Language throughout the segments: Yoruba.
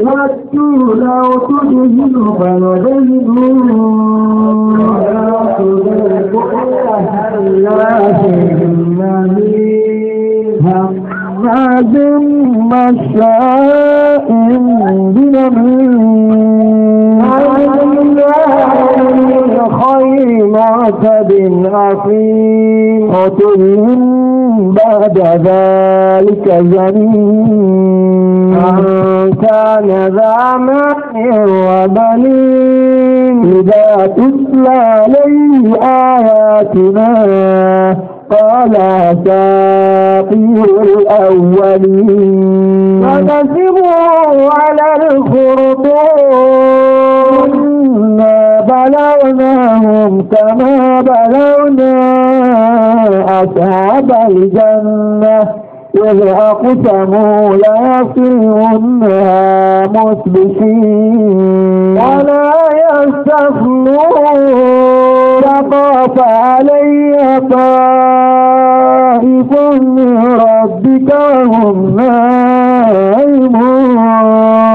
وَدُّوا لَوْ تُدْهِنُ فَيُدْهِنُونَ لَا تُدْرِكُ إِلَّا هَمَّازٍ مَّشَّاءٍ بِنَمِيمٍ خَيْرٍ مُعْتَدٍ عَفِيٍّ عُتُلٍّ بعد ذلك زمين كان ذا مال وبنين إذا تتلى عليه آياتنا قال ساقير الأولين فنسبوا على الخرطوم بلوناهم كما بلونا أصحاب الجنة إذ أقسموا ليصلونها مسبحين ولا يستخلون فطاف علي طائف من ربك وهم نائمون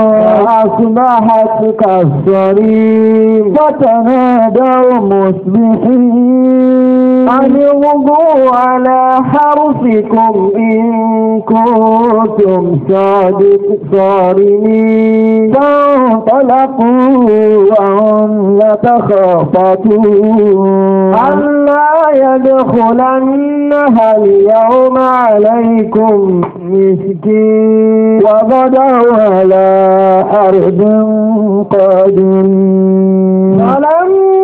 أصبحت كالصريم وتنادوا مصبحين أبغوا على حرفكم إن كنتم صادق صارمين فانطلقوا وهم يتخافتون ألا يدخلنها اليوم عليكم مسكين وغدوا على أرض قادرين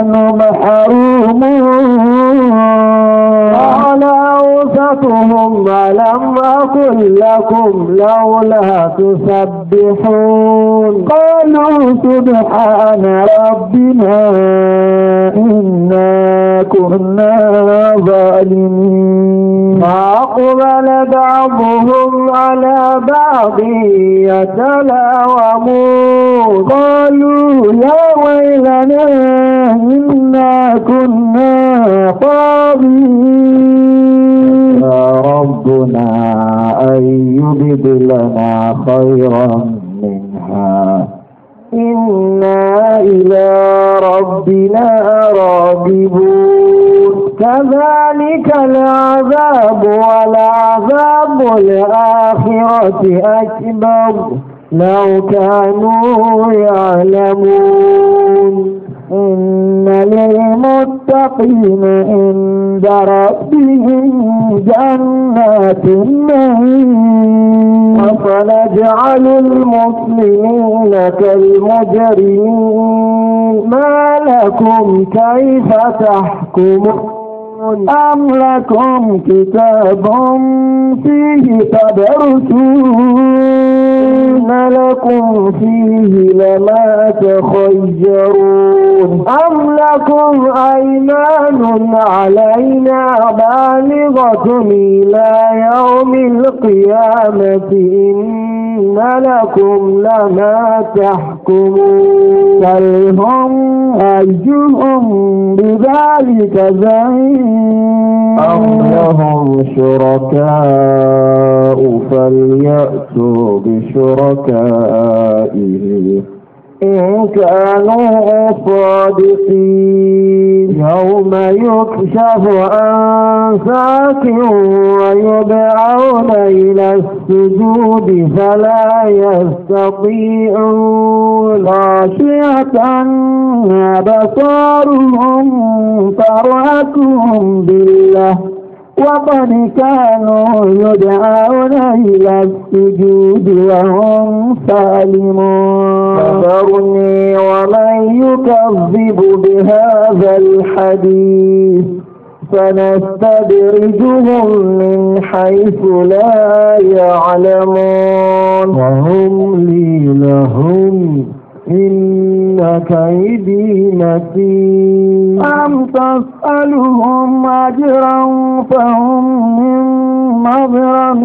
عنه محروم قال أوسطهم ألم أقل لكم لولا تسبحون قالوا سبحان ربنا إنا كنا ظالمين أقبل بعضهم على بعض يتلاومون قالوا يا ويلنا إنا كنا طاغين يا ربنا أن يبدلنا خيرا منها إنا إلى ربنا راغبون كذلك العذاب والعذاب الآخرة أكبر لو كانوا يعلمون إن للمتقين عند ربهم جنات النعيم أفنجعل المسلمين كالمجرمين ما لكم كيف تحكمون أم لكم كتاب فيه تدرسون لكم فيه لما تخيرون أم لكم أيمان علينا بالغة إلى يوم القيامة إن لكم لما تحكمون سلهم أيهم بذلك زين أم لهم شركاء فليأتوا بشركائهم إن كانوا صادقين يوم يكشف عن ساك ويدعون إلى السجود فلا يستطيعون خاشعة أبصارهم فرأتهم بالله وقد كانوا يدعون إلى السجود وهم سالمون فذرني ومن يكذب بهذا الحديث سنستدرجهم من حيث لا يعلمون وهم لي لهم إن كيدي نصير أم تسألهم أجرا فهم من مغرم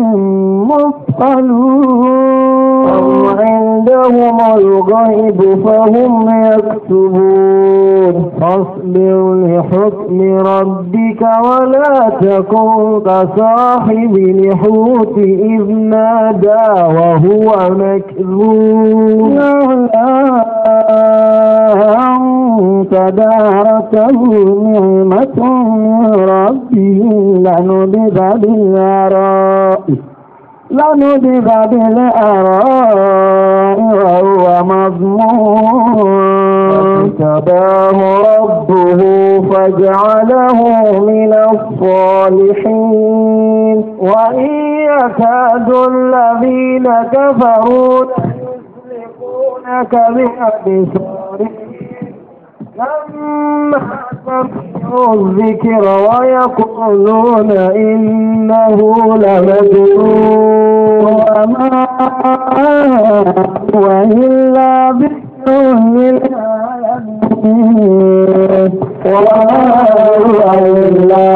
مثقلون لهم الغيب فهم يكتبون فاصبر لحكم ربك ولا تكن كصاحب الحوت إذ نادى وهو مكذوب لولا أن تداركه نعمة من ربه لنبذ بالعراء لنذب بالآراء وهو مذموم فاجتباه ربه فاجعله من الصالحين وإن يكاد الذين كفروا يزلقونك بأبصارهم لما سمعوا الذكر ويقولون إنه لمجنون وما هو إلا ذكر للعالمين وما هو إلا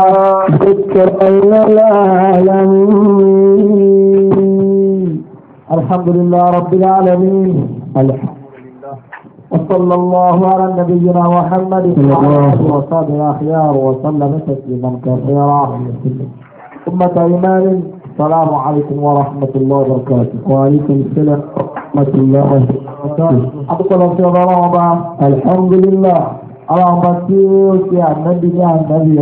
ذكر للعالمين الحمد لله رب العالمين الحمد صلى الله على نبينا محمد وعلى اله وصحبه اخيار وسلم تسليما كثيرا أمة إيمان السلام عليكم ورحمة الله وبركاته وعليكم السلام ورحمة الله وبركاته أبقى في ضرابة الحمد لله اللهم بسيوك يا النبي يا النبي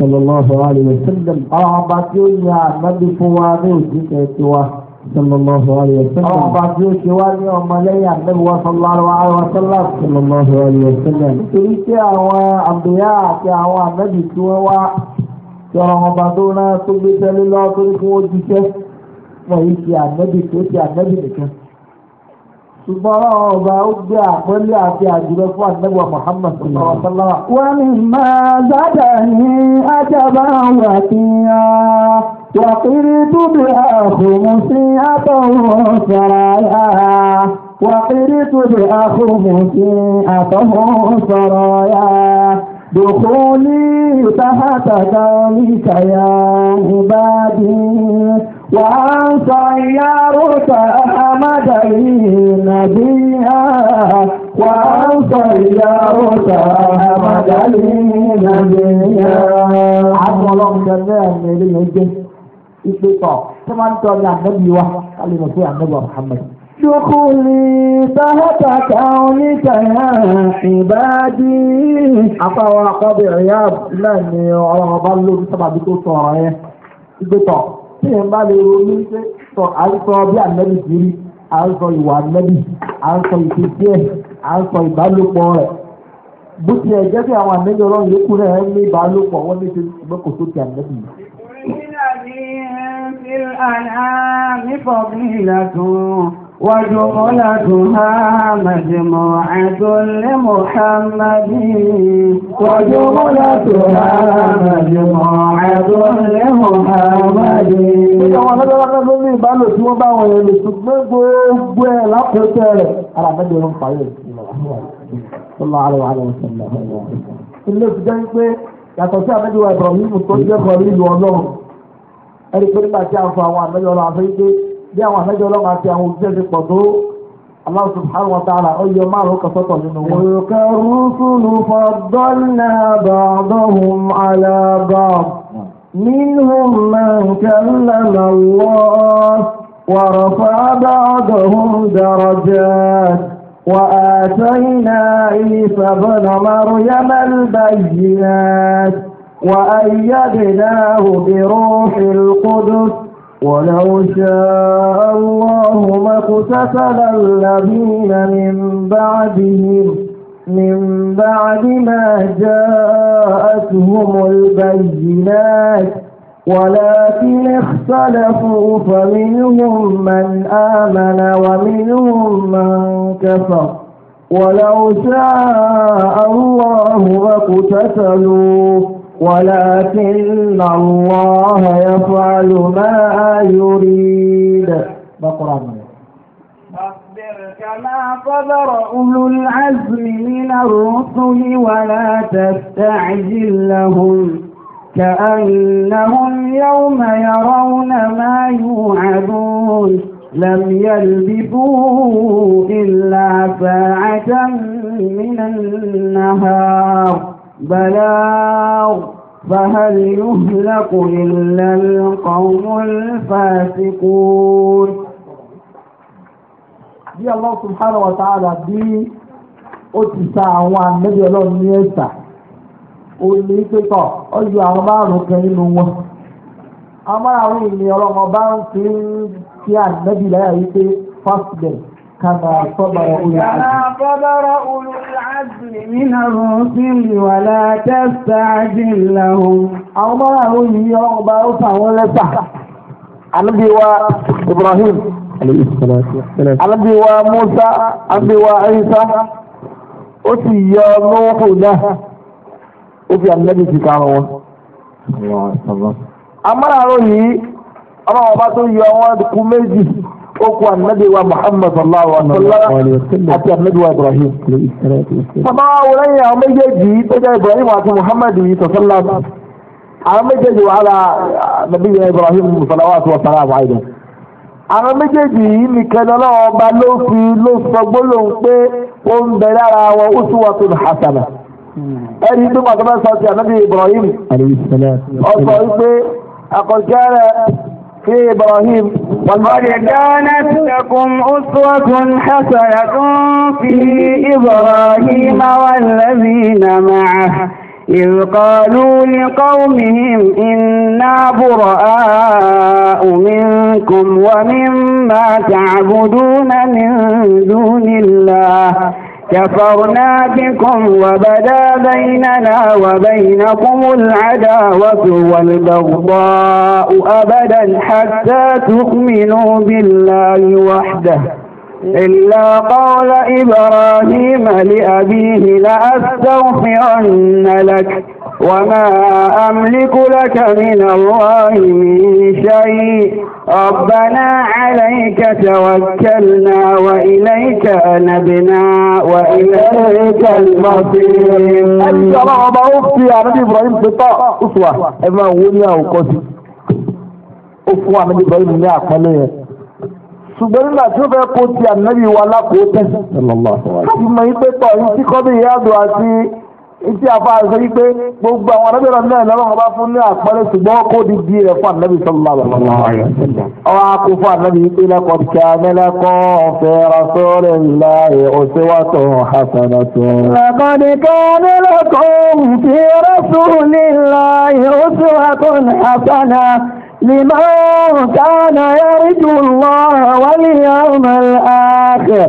صلى الله عليه وسلم اللهم بسيوك يا النبي فواني وجيك sallallahu alayhi wa sallam. ọba tí ó ṣe wá ní ọmọlẹ́yìn àdébùwá sallallahu alayhi wa sallam. sallallahu alayhi wa sallam. èyí tí àwọn àbẹ̀yà àti àwọn àmẹ́bí tí wọ́n wá sọ̀rọ̀ ọba tó rán tó gbé tẹ́lẹ̀ lọ tó ní kí wọ́n jíṣẹ́ wọ́n yìí ṣe àmẹ́bí tó ṣe àmẹ́bí nìkan. ṣùgbọ́n ọba ó gbé àpẹẹlẹ àti àjùlọ fún àdébùwá Muhammad sallallahu alayhi wa sallam. وقرت بها خمسية سرايا وقرت بها خمسية سرايا دخولي تحت كونك يا عبادي وعن سيارك أحمد نبيا وعن سيارك أحمد نبيا عبد الله جل وعلا ìpè tọ̀ tó máa ń tọ́ ní ànábì wa kálí lọ sí ànábì wa Muhammad. Dukuli tahata kauni kaya ibadi. Àfàwọn akọ́bí ẹ̀yà náà ni ọ̀rọ̀ ọba lórí sábàbí tó sọ ọ̀rọ̀ yẹn. Ìgbé tọ̀ tí yẹn bá lè ronú ṣe sọ à ń sọ bí ànábì ti rí, à ń sọ ìwà ànábì, à ń sọ ìfisí ẹ̀, à ń sọ ìbálòpọ̀ rẹ̀. Bó ti ẹ̀ jẹ́ kí àwọn ànábì ọlọ́run yókù náà ní ìbálòpọ̀ wọ́n ní ṣe ṣùgbọ́n kò ti ànábì yìí. الأنعام فضيلة وجملتها مجموعة لمحمد وجملتها مجموعة لمحمد Àwọn alágbàlagbà ló ní ìbálò tí wọ́n bá wọn èrè ṣùgbọ́n gbogbo ẹ̀ lápẹ̀tẹ̀ rẹ̀. Ara ló ń parí ẹ̀. Sọlá àlọ́ àlọ́ ìṣẹ̀lẹ̀. Ilé ti jẹ́ pé yàtọ̀ sí àbẹ́dẹ́wà Ibrahim tó jẹ́ pẹ̀lú ìlú ọlọ́run ẹni pé nígbà tí a ń fọ àwọn àmẹ́jọ ọlọ́run àfẹ́ pé bí àwọn àmẹ́jọ ọlọ́run àti àwọn òṣìṣẹ́ ti pọ̀ tó Allah subhanahu wa ta'ala ó yọ márùn kan sọ́tọ̀ nínú wọn. Òrùka rúsùlù faddalna ba'dahum ala ba'd. Minhum man kallama Allah wa rafa'a ba'dahum darajat. وآتينا عيسى ابن مريم البينات وأيدناه بروح القدس ولو شاء الله ما اقتتل الذين من بعدهم من بعد ما جاءتهم البينات ولكن اختلفوا فمنهم من آمن ومنهم من كفر ولو شاء الله ما اقتتلوا ولكن الله يفعل ما يريد بقرة فاصبر كما صبر أولو العزم من الرسل ولا تستعجل لهم كأنهم يوم يرون ما يوعدون لم يلبثوا إلا ساعة من النهار بلاغ فهل يهلك إلا القوم الفاسقون bí Allah subhanahu wa ta'ala bí ó ti sa àwọn ànábì ọlọ́run ní ẹ̀sà ó ní pípọ̀ ó yọ àwọn márùn-ún kan كما صبر أولو كما صبر أولو العزم من الرسل ولا تستعجل لهم الله يغبر فولسه النبي إبراهيم عليه الصلاة والسلام النبي موسى النبي عيسى أتي يا نوح له أتي النبي في كارون الله أمر عليه الله أبا يا ولد كوميدي okùn anabi wa muhammad sallallahu alaihi wa sallam àti anabi wa ibrahim. bàbá wòlẹ́ yẹn àwọn méjèèjì tó jẹ́ ibrahim àti muhammad yìí sọ̀sọ́lá àwọn méjèèjì wàhálà nàbí yẹn ibrahim salawatu wa salamu alayhi. àwọn méjèèjì yìí nìkan lọ́wọ́ ọba ló fi ló sọ gbólóhùn pé ó ń bẹ lára wọn uswatun hasana ẹni tó pàtó bá sọ ti anabi ibrahim ọ̀sọ̀ wípé àkọ́jẹ́ rẹ̀. في إبراهيم قد كانت لكم أسوة حسنة في إبراهيم والذين معه إذ قالوا لقومهم إنا براء منكم ومما تعبدون من دون الله كفرنا بكم وبدا بيننا وبينكم العداوة والبغضاء أبدا حتى تؤمنوا بالله وحده إلا قول إبراهيم لأبيه لأستغفرن لك وما أملك لك من الله من شيء ربنا عليك توكلنا وإليك أنبنا وإليك المصير أنت رغب أختي يا نبي إبراهيم بطاء أسوة إما وليا وقصي أسوة نبي إبراهيم يا أقمالي ṣùgbọ́n nígbà tí ó fẹ́ kó ti ànábì wa lápò tẹ́sí. ṣé ìmọ̀ yìí pé tọ̀ yìí tí bí ìyá àdùn àti ìtí afa àṣẹ yìí pé gbogbo àwọn arábìnrin náà lọ́wọ́ bá fún ní àpẹẹrẹ ṣùgbọ́n kó di di rẹ̀ fún ànábì sọ́lá bàbá. ọwọ́ akó fún ànábì yìí pé lẹ́kọ̀ọ́ kí amẹ́lẹ́kọ́ ọ̀fẹ́ rasọ́ọ̀rẹ́ ńlá ẹ̀ ọ̀ṣẹ́wàtọ̀ hasanatọ̀. lẹ́kọ̀ọ́ kí amẹ́lẹ́kọ́ ọ̀fẹ́ rasọ́ọ̀rẹ́ ńlá ẹ̀ ọ̀ṣẹ́wàtọ̀ hasanatọ̀. لمن كان يرجو الله واليوم الآخر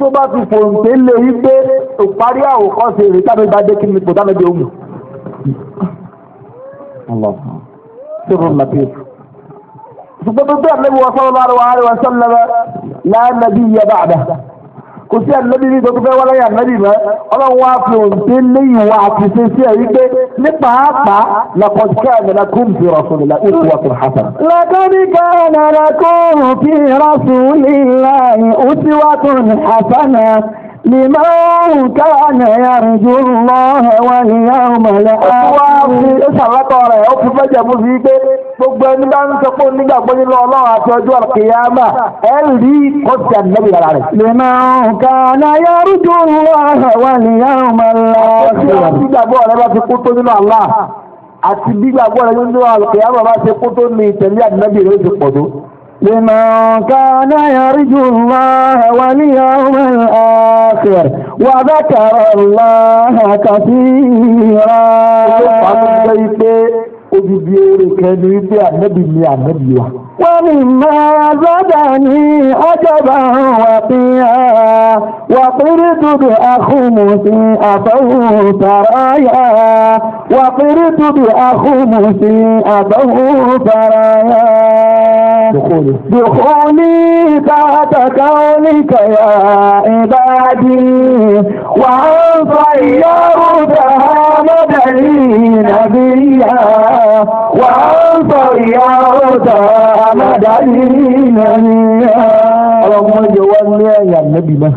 tó bá fi fòǹté lé yí pé òparí àwòkọ́ ṣe èrè tábí bá dé kí ni kò tábí dé òmù. ṣùgbọ́n tó bẹ́ẹ̀ lẹ́wọ̀ sọ́lọ́lá rẹ̀ wà á rẹ̀ wà sọ́lọ́lá rẹ̀ láàrín nàbí yẹ bá àdá kò sí ànábì ní ìtọ́jú fẹ́ wá láyé ànábì mọ́ ọlọ́run wá fi òǹdé léyìn wá àti ṣe sí ẹ̀ wípé ní pàápàá laqad kana lakum fi rasulillahi uswatun hasanah. laqad kana lakum fi rasulillahi uswatun hasanah. لمن كان يرجو الله واليوم الآخر. ó wá fi ó ṣàlàtọ̀ rẹ̀ ó fi fẹ́ jẹ́ bó fi gbé gbogbo ẹni bá ń sọ pé onígbàgbọ́ nínú ọlọ́run àti ọjọ́ àkèyàmà ẹ rí kọ́sì ànábì ara rẹ̀. lèmi àwọn kan ayé rújú wà ní àwọn ọmọ ẹ̀rọ. àkọsí àti gbàgbọ́ rẹ bá ti kú tó nínú àlá àti gbígbàgbọ́ rẹ nínú àkèyàmà bá ti kú tó ní ìtẹ̀lé ànábì rẹ ti pọ̀ tó. لمن كان يرجو الله واليوم الآخر وذكر الله كثيرا وبيبيوري كانوا يبيع النبي اللي النبي ومما زادني عجبا وقيا وقرت بأخ مسيء فوت رايا وقرت بأخ مسيء فوت رايا دخولي تحت كونك يا عبادي وأن صيروا ذهاب دليل نبيا وأنصر يا رضا مدنين ọlọ́run yóò wá ní ẹ̀yà nẹ́bí náà.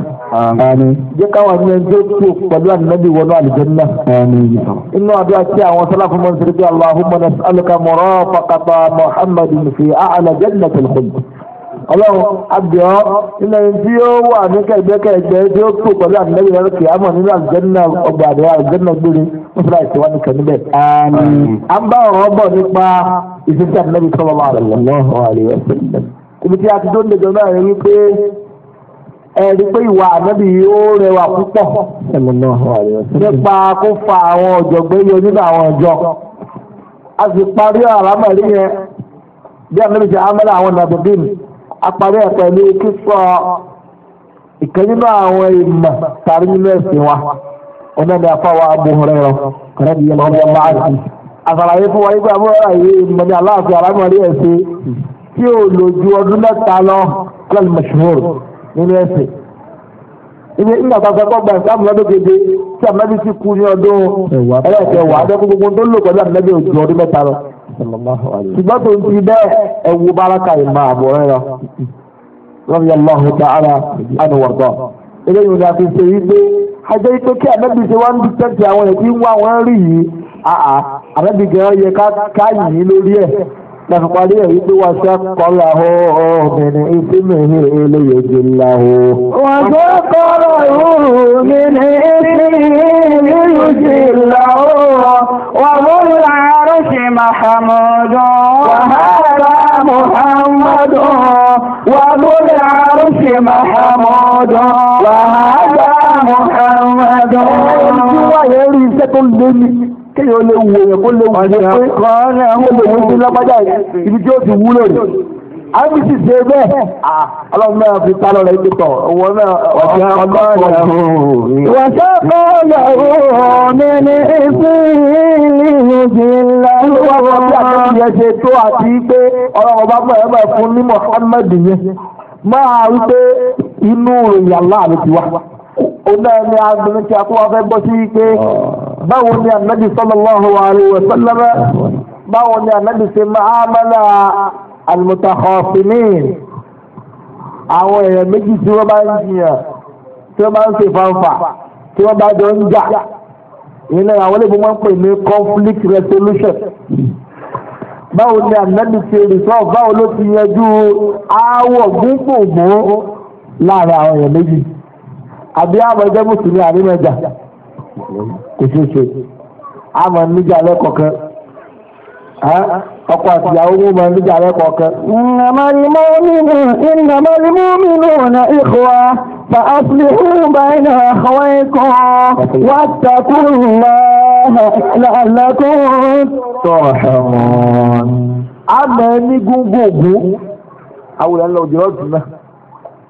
Àmín. Jẹ́ káwọn ẹni ẹni tó kú pẹ̀lú ànábì wọnú àlùjánnà. Àmín. Inú àdúrà tí àwọn sálàfù máa bí Allahumma nas'aluka murafaqata Muhammadin fi a'la jannatil khuld ọlọ́run agbèọ́ nínú ẹni tí ó wà ní kẹgbẹ́kẹgbẹ́ tí ó kú pẹ̀lú àtìlẹ́yìn ìrọ̀lẹ́ kìámọ̀ nínú àlùjẹ́nà ọgbà àdéhà àlùjẹ́nà gbére wọ́n fúnra ìṣèwà ní kẹ́nibẹ̀. a ń bá ọ̀rọ̀ bọ̀ nípa ìṣesí àtìlẹ́yìn sọ́wọ́ máa rẹ̀ lọ́wọ́ ibi tí a ti dóńdè jọ náà rí pé ẹ̀rí pé ìwà ànábì ó rẹwà púpọ̀ nípa kó fa àwọn ọ̀jọ̀gbẹ́ apàdé ẹ̀ pẹ̀lú kíkọ́ ìkan nínú àwọn ìmọ̀ tàbí nínú ẹ̀sìn wa ọ̀nà ni afáwa Abu Hurairah kọ̀rẹ́ bí yẹn lọ́wọ́ máa ti àṣàlàyé fún wa yí pé abúlé yìí ìmọ̀ ní aláàfin alámọ̀rí ẹ̀sìn tí ò lò ju ọdún mẹ́ta lọ alal mashhur nínú ẹ̀sìn ibi nígbà tó fẹ́ kọ́ gba ìsáàmù lọ́dún keje tí àmì ṣùgbọ́n tó ń ti bẹ́ẹ̀ ẹ wo báraka ìmọ̀ àbúrẹ́ lọ rọ́bì allahu ta'ala anu wọ̀dọ̀ eléyìí ni a fi ṣe wípé ajẹ́ pé kí àbẹ́bí ṣe wá ń dúpẹ́ àwọn ẹ̀ ń wá wọn rí yìí àbẹ́bí gan yẹ ká yìí lórí ẹ̀. Nàfipárí èyí tí wọ́n ṣe kọ́lá ó obìnrin ìsímìhì eléyèjì ńlá o. Wọ́n ṣe kọ́lá ó obìnrin ìsímìhì eléyèjì ńlá o. Wọ́n mú láàárọ̀ ṣe Màhàmùdù. Wàhálà Mùhàmùdù. Wọ́n mú láàárọ̀ ṣe Màhàmùdù. Wàhálà Mùhàmùdù. Ẹni tí wọ́n yẹ rí iṣẹ́ tó lé ní. kéèyàn lè wo èèyàn kó lè wúlò pé kó lè wúlò sí lápájá ibi tí ó ti wúlò rè àbí sì ṣe bẹ́ẹ̀ ọlọ́run náà fi tá lọ́rọ̀ ibi tọ̀ owó náà ọ̀sẹ̀ ọlọ́run wàṣẹ kọ́ọ̀lẹ̀ òní ní ìfìlì ìjìnlẹ̀ wọ́n wọ́n bí àtẹ́kùn yẹn ṣe tó àti pé ọlọ́run bá bọ̀ ẹ̀ bọ̀ fún ní Muhammad yẹn máa wípé inú ìyàlá mi ti ọlọ́run ni agbẹ̀mí tí a kó wa fẹ́ gbọ́ sí pé báwo ni anabi sallallahu alaihi wa sallam báwo ni anabi ṣe máa mọ́lá almutakhafimin àwọn èèyàn méjì tí wọ́n bá ń jiyàn tí wọ́n bá ń ṣe fanfa tí wọ́n bá jọ ń jà ìyẹn náà àwọn olóògbé máa ń pè ní conflict resolution báwo ni anabi ṣe resolve báwo ló ti yanjú aáwọ̀ gúngbòngbò láàrin àwọn èèyàn méjì. àbí àmọ̀ ẹgbẹ́ mùsùlùmí àríwẹ̀jà kò ṣeé ṣe àmọ̀ níjà lẹ́kọ̀ọ́kan ọkọ àti ìyàwó mú mọ níjà lẹ́kọ̀ọ́kan. ìnàmọ́lì mọ́mìnú na ìkọ́wá fa aslihu bayna akhawaykum wattaqullaha la'allakum turhamun. àmọ́ ẹni gúngùn ògún àwòrán lọ́jọ́ ọ̀dùn náà.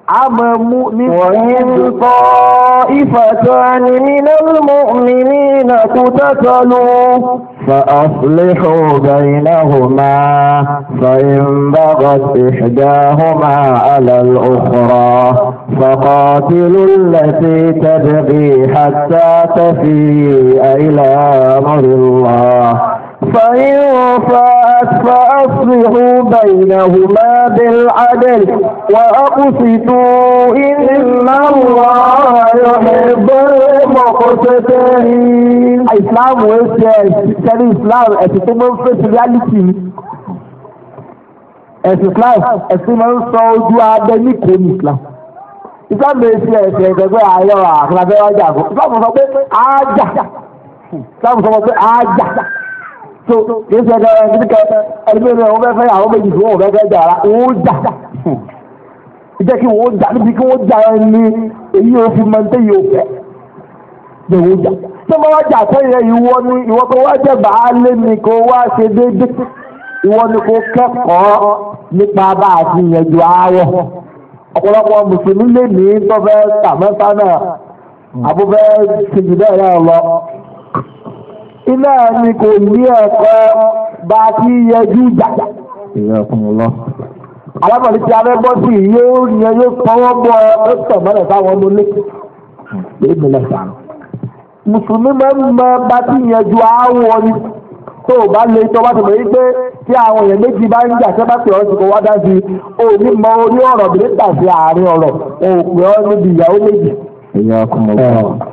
عمم وإن طائفتان من المؤمنين اقتتلوا فأصلحوا بينهما فإن بغت إحداهما على الأخرى فقاتلوا التي تبغي حتى تفيء إلى أمر الله فإن فاءت فأصلحوا بينهما بالعدل وأقسطوا إن الله يحب المقسطين Islam wey ṣe ṣẹlẹ̀ Islam ẹ̀sìn tó máa ń fèsì reality ẹ̀sìn Islam ẹ̀sìn máa ń sọ ojú abẹ ní kò ní Islam Islam bẹ̀rẹ̀ sí ẹ̀sìn ẹ̀gbẹ́gbẹ́ àárọ̀ àkàlàfẹ́ wájà fún Islam sọ pé ájà Islam sọ pé ájà tó kì í ṣe ẹgbẹ́ ẹgbẹ́ kíkẹ́ ẹgbẹ́ rẹ̀ wọ́n fẹ́ fẹ́ àwọn méjì fún wọn fẹ́ fẹ́ jà ara wọ́n jà jẹ́ kí wọ́n jà níbi kí wọ́n jà ẹni èyí ò fi máa ń tẹ́ yóò fẹ́ jẹ́ wọ́n jà tó máa jà sẹ́yìn ìwọ ni ìwọ tó wá jẹ́ bàálé ni kó wá ṣe déédé ìwọ ni kó kẹ́kọ̀ọ́ nípa bá a ti yànjú aáwọ̀ ọ̀pọ̀lọpọ̀ mùsùlùmí lè ní tó fẹ́ tàmẹ́ta náà àbúfẹ́ ṣèjì bẹ́ẹ̀ náà lọ iná ni kò ní ẹ̀kọ́ bá a ti yẹjú ìjà. alábọ̀lì tí abẹ́gbọ́ sí yóò yẹn yóò tọwọ́ bọ ó tọ̀ mọ́lẹ̀ fáwọn ọmọ ilé èyí mi lẹ̀ sàn. mùsùlùmí máa ń mọ bá ti yẹjú aáwọ̀ ni tó o bá lè tọ́ bá ti mọ̀ yí pé tí àwọn èèyàn méjì bá ń jà ṣẹ́ bá ti ọ̀rọ̀ ti kó wá dá sí ní mọ orí ọ̀rọ̀ bí nígbà sí àárín ọ̀rọ̀ òpè ọ́ níbi ìyàwó méjì. ìyá ọkùnrin ọgbọ́n.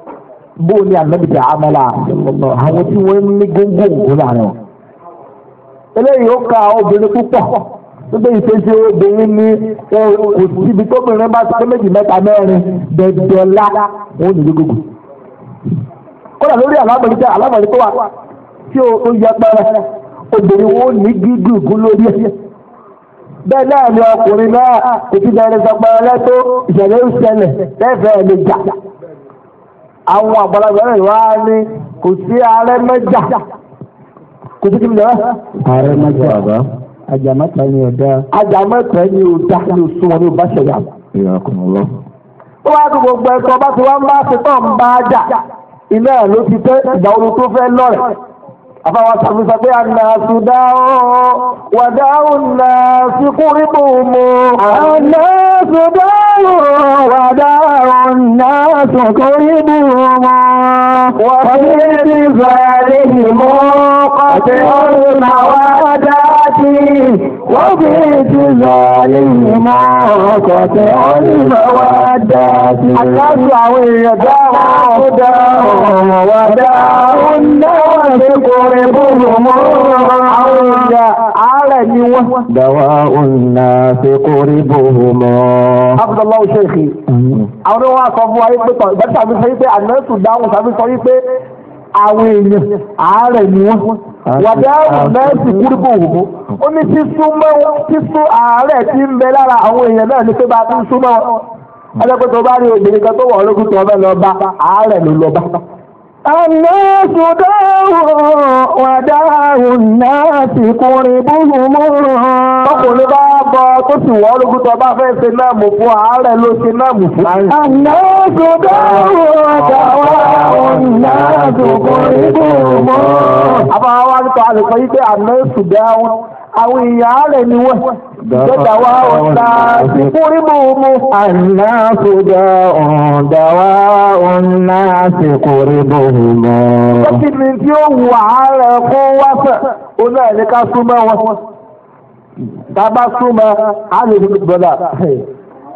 bó ni ànábì tẹ amala àwọn tí wọ́n ní góńgó ògùn láàrin wọn. eléyìí ó ka obìnrin púpọ̀ gbogbo ìfẹsẹ̀ obìnrin ní òsì ibi tóbìnrin bá sọ méjì mẹ́ta mẹ́rin dẹ̀dẹ̀lá òun nìyí gbogbo. kódà lórí alámọ̀lẹ́ tẹ alámọ̀lẹ́ tó wà tí o yẹ pẹ́rẹ́ obìnrin wo ní gígùn ògùn lórí ẹ̀ bẹ́ẹ̀ náà ni ọkùnrin náà kò ti bẹ̀rẹ̀ sọpẹ́rẹ́ tó ìṣẹ̀lẹ̀ ìṣẹ̀lẹ̀ lẹ́fẹ̀ẹ́ lè jà àwọn àgbàlagbà rẹ̀ wá ní kò sí ààrẹ mẹ́jà kò sí kíni lọ́wọ́. ààrẹ mẹ́jà bàbá àjàmẹ́ta ni ọ̀dà. àjàmẹ́ta ni ọ̀dà ni òsùn wọn ni ò bá ṣẹ̀yà. ìyá ọkùnrin lọ. ó wá dùn gbogbo ẹ̀kọ́ bá ti wá ń bá ṣetán bá jà iná ló ti tẹ́ ìgbà oru fẹ́ lọ́rẹ̀ àfàwọn sàmì sọ pé ànàásù dáwọ́ wà dáwọ́ nàásù kúrìbù mu. ànàásù dáwọ́ wà dáwọ́ nàásù kúrìbù mu. wà á fi ní ìzọ̀ àlejò ọ̀sẹ̀ ọ̀rùn náà wá dáa. وبيت الظالم ما قطع المودة الناس ويداهم وداهم وداهم الناس قربهم دواء الناس قربهم عبد الله شيخي àwọn wa sọ fún wa yìí pé bẹ́ẹ̀ tàbí sọ yìí pé àná sùn dáhùn tàbí sọ yìí pé àwọn èèyàn àárẹ̀ ni wọ́n wàdà mẹ́sì kúrúkù wò ó ní sísúnmọ́ sísún àárẹ̀ tí ń bẹ lára àwọn èèyàn náà ní pé bá a ti ń súnmọ́ wọn. ẹlẹ́pẹ́ tó bá rí obìnrin kan tó wọ̀ ọ́ lókùtù ọ̀bẹ lọ́ba àárẹ̀ ló lọ́ba. الناس داو وداو الناس قربهم Ọkùnrin bá bọ tó sì wọ́ ológun tó bá fẹ́ ṣe náà mú fún ààrẹ ló ṣe náà mú fún. Àná tó dáwọ́ dáwọ́ ọ̀nà tó kọ́ ibò mọ́. Àbáwá ń tọ́ àlùkò yí pé àná tó dáwọ́. àwọn èèyàn àárẹ̀ ni wọ́n gbọ́dà wá ọ̀tá tí kúrí mú mú. àná kúdà ọ̀dà wá ọ̀nà tí kúrí mú mú. lọ́sí mi tí ó wù àárẹ̀ kó wá fẹ̀ ó náà ní ká súnmọ́ wọn. tá a bá súnmọ́ a lè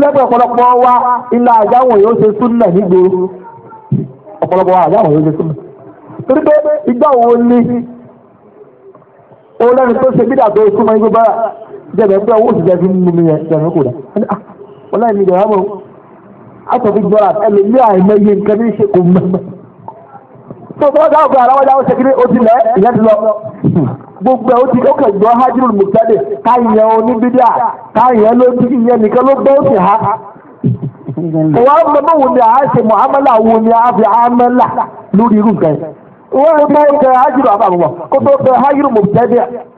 lẹ́gbẹ̀ẹ́ ọ̀pọ̀lọpọ̀ wa ilà àjáwọ̀ yóò ṣe súnlẹ̀ nígboro ọ̀pọ̀lọpọ̀ wa àjáwọ̀ yóò ṣe súnlẹ̀ torí pé ìgbà wo ni òun lẹ́nu tó ṣe bídà tó súnmọ́ igbó bára jẹ̀bẹ̀ pé owó òṣìṣẹ́ fi mú mi yẹn jẹ̀bẹ̀ kò dá ah, wọ́n láì ní ìdọ̀rọ̀ àmọ́ àtọ̀fíjọ́ra ẹlòmíà nǹkan ní í ṣe kò mọ̀ tó bá dáhùn pé àwọn ọjà wọn ṣe kí o ti gbogbo o ó kàn jọ hajjul mùsàdé káyẹn oníbídíà káyẹn ló ìyẹn nìkan ha wọ́n mọ bó wo a ṣe muhammadu wo ni a fi amẹ́là lórí irú nǹkan yẹn wọ́n rí bẹ́ẹ̀ bẹ hajjul kó tó hajjul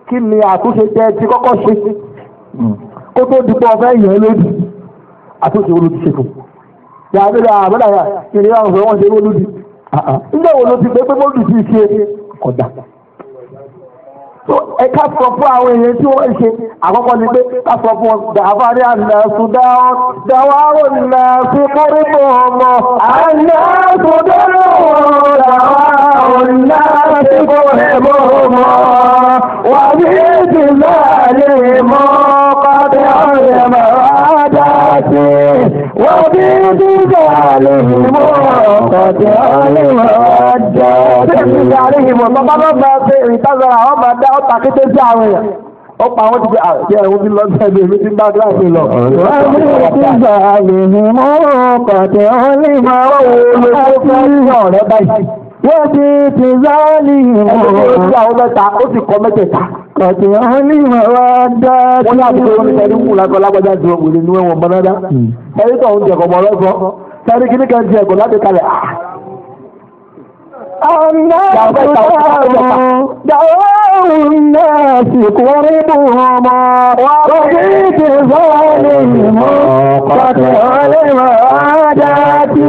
kí ni àtúnṣe ti kọ́kọ́ ṣe kó tó nígbà wo ló ti gbé pé mọ́tò ti ṣe kódà so ẹ ká sọ fún àwọn èèyàn tí wọ́n ṣe àkọ́kọ́ ni pé ká sọ fún wọn dàbárí ànàṣù dáwọ́ dáwọ́ ànàṣù kúrúbọ̀ ọmọ ànàṣù dáwọ́ ànàṣù kúrúbọ̀ ọmọ wà ní ìdílé àlè mọ́. عليهم وقد علم الدار ó pa àwọn títí àti ẹ̀rọ bí lọ́sẹ̀ bí èmi ti bá gíláàsì lọ. ọ̀rẹ́ ti gbà àgbègbè mọ́ ọkọ̀ tí ó lè máa wọ́n wo lóṣù fún ọ̀rẹ́ báyìí wọ́n ti ti záàlì ìwọ̀n. ẹgbẹ́ tó ti àwọn mẹ́ta ó sì kọ́ mẹ́tẹ̀ẹ̀ta. kàtí wọn ní ìwọ̀n dá sí. wọ́n ní àbúrò wọn ní ẹni kù lágbọ́n lágbọ́n jáde wọn wòlé ní ẹ̀wọ̀n mọ́nádá. Hmm. ẹni tó ń jẹ̀kọ̀ mọ́ lọ́sọ̀ sáré kíní kan ti ẹ̀kọ́ láti kalẹ̀. àná dàwọ́hùn náà sì kúrú bù ọmọ. wọ́n ti ti záàlì ìwọ̀n. kàtí wọn ní ìwọ̀n dá sí.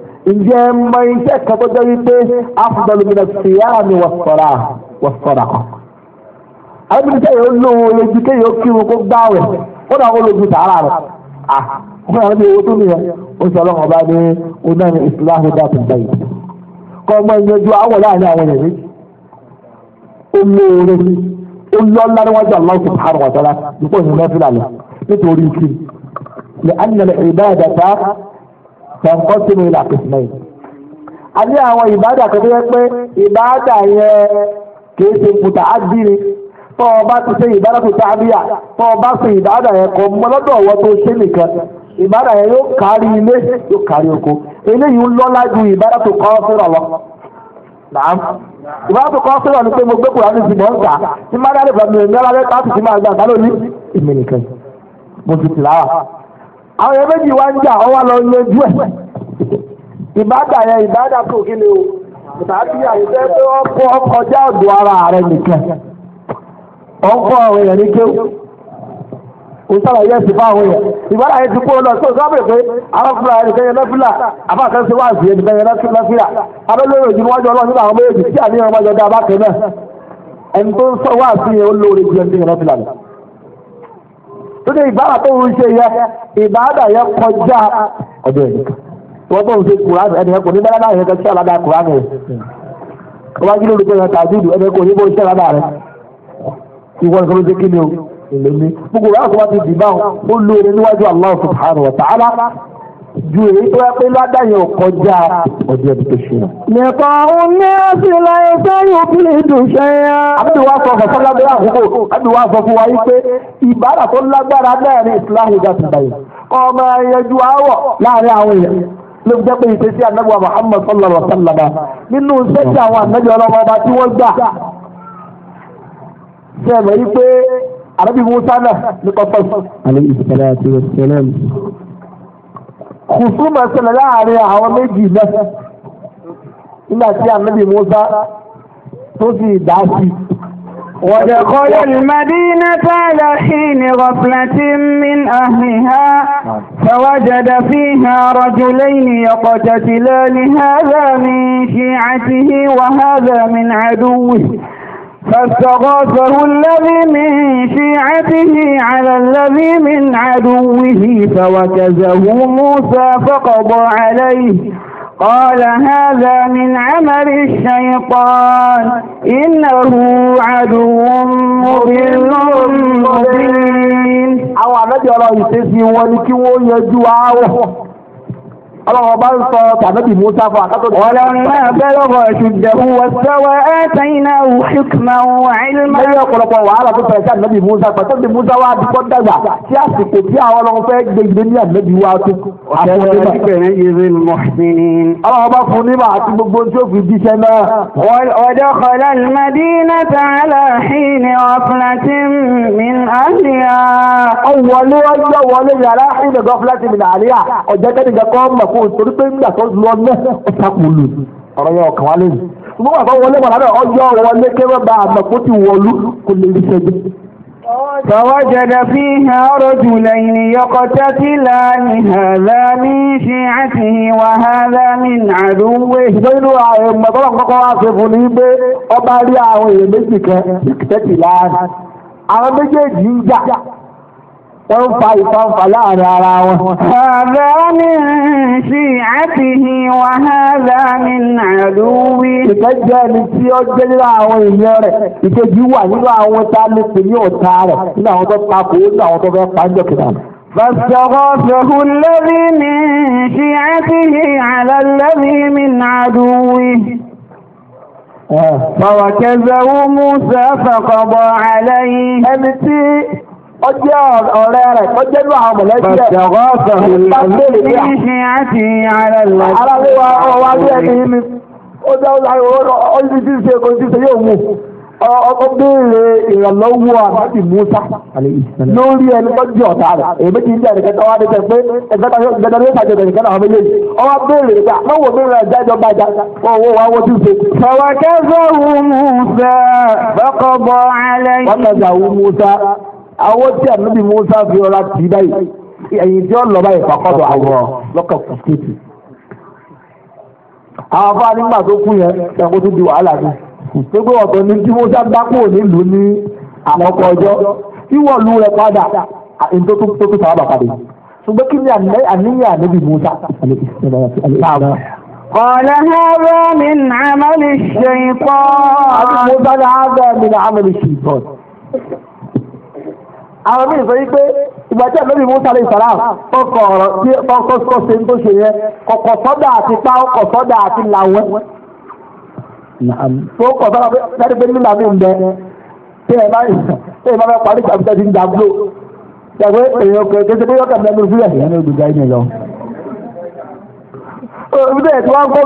ǹjẹ́ mọ iṣẹ́ kan tó jẹ́ wípé afdalu mina siyami wàsọ̀rà wàsọ̀rà kan. alábìnrin yóò lò ó lójú kéèyàn ó kírun kó gbá rẹ̀ ó dà na lójú sàárà rẹ̀ à ó yàrá bí owó tó nìyẹn ó sọ ọlọ́run ọba ní oná ní islahu dàtú báyìí. kọ́ ọmọ ìyanjú àwọ̀ tẹ̀kọ́tì mi là a ní àwọn ìbádà kan tó yẹ pé ìbádà yẹn kìí ṣe ọ ti ṣe ìbádà tó tá a bíyà tọ́ ọ bá ṣe ibada yẹn kọ́ mọ́ lọ́dọ̀ ọ̀wọ́ tó ṣe nìkan oko eléyìí ń lo ju ibada to kọ́ fẹ́ràn lọ. ibada tó ni pe mo gbé kùránì sí ta tí má dá lè àwọn èèyàn méjì wá ń jà ọwọ́ lọ yanjú ẹ̀ ìbádà yẹn ìbádà kò kí ni o tàbí àyẹ̀fẹ́ pé wọ́n kọ́ ọkọjá ọ̀dọ̀ ara rẹ̀ nìkan wọ́n kọ́ àwọn èèyàn ní kéwù òṣàlà yẹn ti bá àwọn èèyàn ìbádà yẹn ti kó lọ sí òṣàlà pé àwọn fúlà yẹn nìkan yẹn lọ́fílà àbákan sí wáàzì yẹn nìkan yẹn lọ́fílà abẹ́lẹ́rẹ́ òjì níwájú ọlọ́run nígbà tó dé ìbára tó ń ṣe yẹ ìbáàdà yẹ kọjá ọdún ẹnìkan wọ́n tó ń ṣe kùránì ẹnì yẹn kò ní bẹ́ẹ̀ náà yẹn kẹ́kẹ́ aládàá kùránì rẹ̀ wọ́n bá gílò lóko yẹn tàbídù ẹnì kò ní bó ṣe aládàá rẹ̀ ìwọ nìkan ló ṣe kí ni o èlé mi gbogbo rẹ̀ ti dì báwọn ó lóore níwájú ta'ala ju èyí tó wá pé ládàáyé ò kọjá ọjọ́ ibi tó ṣe náà. nìkan òun ní àṣìlá ẹgbẹ́ yóò fi ìdùn ṣe é. àbí wàá sọ fún lágbára àkókò àbí wàá sọ fún wa yìí pé ìbára tó lágbára láàrin ìsìláhùn ìjà ti báyìí. ọmọ ẹyẹjú àwọ̀ láàrin àwọn èèyàn ló jẹ́ pé ìṣesí ànágbà Muhammad sallallahu alaihi wa sallam nínú sẹ́sì àwọn ànágbà ọlọ́mọ ọba tí wọ́n gbà. sẹ́ẹ̀mẹ̀ yìí pé musa náà ní kọ́kọ́ kùsùmọ̀ ṣẹlẹ̀ láàrin àwọn méjì náà nígbà tí ànábì Musa tó sì dá sí i. ودخل المدينة على حين غفلة من أهلها فوجد فيها رجلين يقتتلان هذا من شيعته وهذا من عدوه فاستغاثه الذي من شيعته على الذي من عدوه فوكزه موسى فقضى عليه قال هذا من عمل الشيطان إنه عدو مضل مضل أو àmẹ́jọ́ ọlọ́run ṣe sí wọn ọlọ́wọ́ bá ń sọ tàbí musa fún akátó. ọlọ́mọ abẹ́rọ̀bọ̀ ṣùgbọ́n wọ́n sọ́wọ́ ẹ́tẹ̀yìnà òṣùkùnmá wà ilmá. lẹ́yìn ọ̀pọ̀lọpọ̀ wàhálà tó tẹ̀lé sí ànábì musa pàtó ti musa wá dikọ́ dàgbà tí àsìkò tí àwọn ọlọ́run fẹ́ gbẹgbẹ ní ànábì wa tó. ọlọ́wọ́ bá fún nímọ̀ kó torí pé nígbà tó lọ lẹ́ ẹ̀ka kò lò ọ̀rọ̀ yẹn ọ̀kàn wá lẹ́nu. ṣùgbọ́n wàá fọ wọlé wà lábẹ́ ọjọ́ wọlé kẹ́rẹ́ bá àmọ́ ti wọlú kò lè rí sẹ́gbẹ́. فوجد فيها رجلين يقتتلان هذا من شيعته وهذا من عدوه nínú àwọn ọmọ tọ́lọ̀ kọ́kọ́ wá ṣe fún ní pé ọba rí àwọn èèyàn méjì kan يقتتلان àwọn méjèèjì ń jà wọ́n ń fa ìfànfà láàrin ara wọn. Hādhā min shi'atihi wa hādhā min 'aduwwihi. Ìkẹ́ jẹ́ ẹni tí ó jẹ́ nínú àwọn èèyàn rẹ̀. Ìkejì wà nínú àwọn tá a lè pè ní فاستغاثه الذي من شيعته على الذي من عدوه فوكزه موسى فقضى عليه ọjọ́ ọ̀rẹ́ rẹ̀ ọjọ́ inú àwọn mọ̀lẹ́bí rẹ̀. bàtàkọ́ sọ̀rọ̀ lọ́wọ́ ní ṣe àti ara lọ́wọ́. ara ló wá ọ wá ní ẹni mi ó dá ọdún tí ń ṣe kò tí ń ṣe yóò mú ọ béèrè ìrànlọ́wọ́ àti Musa lórí ẹni tó jẹ́ ọ̀tá rẹ̀ èmi ti ń jẹ́ ẹnìkan tó wá dé sẹ́yìn pé ẹ̀fẹ́ta yóò gbẹdẹ ló ṣàjọ ẹnìkan náà méjèèjì ọ wá béèrè nípa lọ́wọ́ béèrè ẹ̀já ìjọba ìjà owó wa wo tí ń ṣe. fọwọ́kẹ́ sọ̀rọ̀ Musa bọ́kọ̀ bọ́ alẹ́ yìí. wọ́n àwọn tí ànábì Musa fi ọlá tì báyìí ẹ̀yìn tí ó lọ báyìí fàkọ́dọ̀ àwọn lọ́kàn fún kéèkì àwọn afá nígbà tó kú yẹn ẹ̀kọ́ tó di wàhálà ni gbogbo ọ̀tọ̀ ni tí Musa gbá kúrò nílùú ní àkọ́kọ́ ọjọ́ ìwọ̀lú rẹ̀ padà ètò tó tó sábà padà ṣùgbọ́n kí ni àníyàn ànábì Musa. قال هذا من عمل الشيطان أبو موسى هذا من عمل الشيطان àwọn míì sọ wípé ìgbà tí àlọ́bì musa lè sọ̀rọ̀ kọkọ̀ ọ̀rọ̀ tí kọ́kọ́ ṣe ń tó ṣe yẹ kọ̀kọ̀ sọ́dà àti pa ọkọ̀ sọ́dà àti làwẹ́. tó kọ̀ sọ́dà láti pé nílà mi ń bẹ tí ẹ bá tí ẹ bá fẹ́ parí kàbíkà ti ń da gbó. ṣàgbé èèyàn kò kéṣe pé yọkàn mẹ́rin sílẹ̀. ìyá ní olùgbà yìí lọ. òbí bẹ́ẹ̀ tí wọ́n kó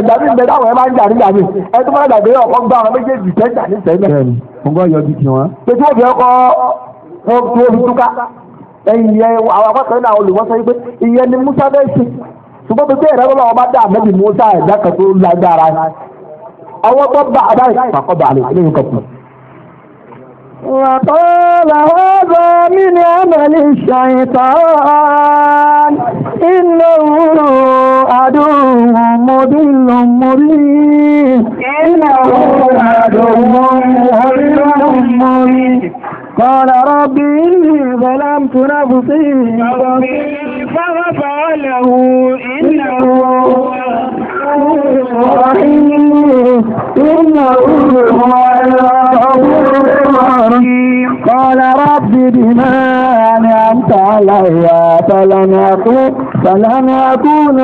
ìgbà mi bẹ dáwọn ẹ máa ń jà nígbà mi ẹ tó máa ọkọ gbá àwọn méjèèjì tẹ jà ní sẹ́lẹ̀. bẹ́ẹ̀ni ọgọ yọjú ti wọn. pété òbí ọkọ tó omi túká ẹ̀yìn yẹn àwọn akọkọ náà olùwọ́sọ yìí pé ìyẹn ni Musa bẹ́ẹ̀ ṣe ṣùgbọ́n pété ẹ̀rọ wọn bá dá àmẹ́bí Musa ẹ̀dá kan tó lágbára àwọn tó bá àdáyé pàkọ́ bàálẹ̀ nínú kọ̀ọ̀kan. وقال هذا من عمل الشيطان إنه عدو مضل مريد إنه عدو مضل مريد قال ربي ظلمت نفسي ربي فغفر له إنه رحيم إنه هو الغفور الرحيم قال ربي بما أنعمت علي فلم أكن فلم يكون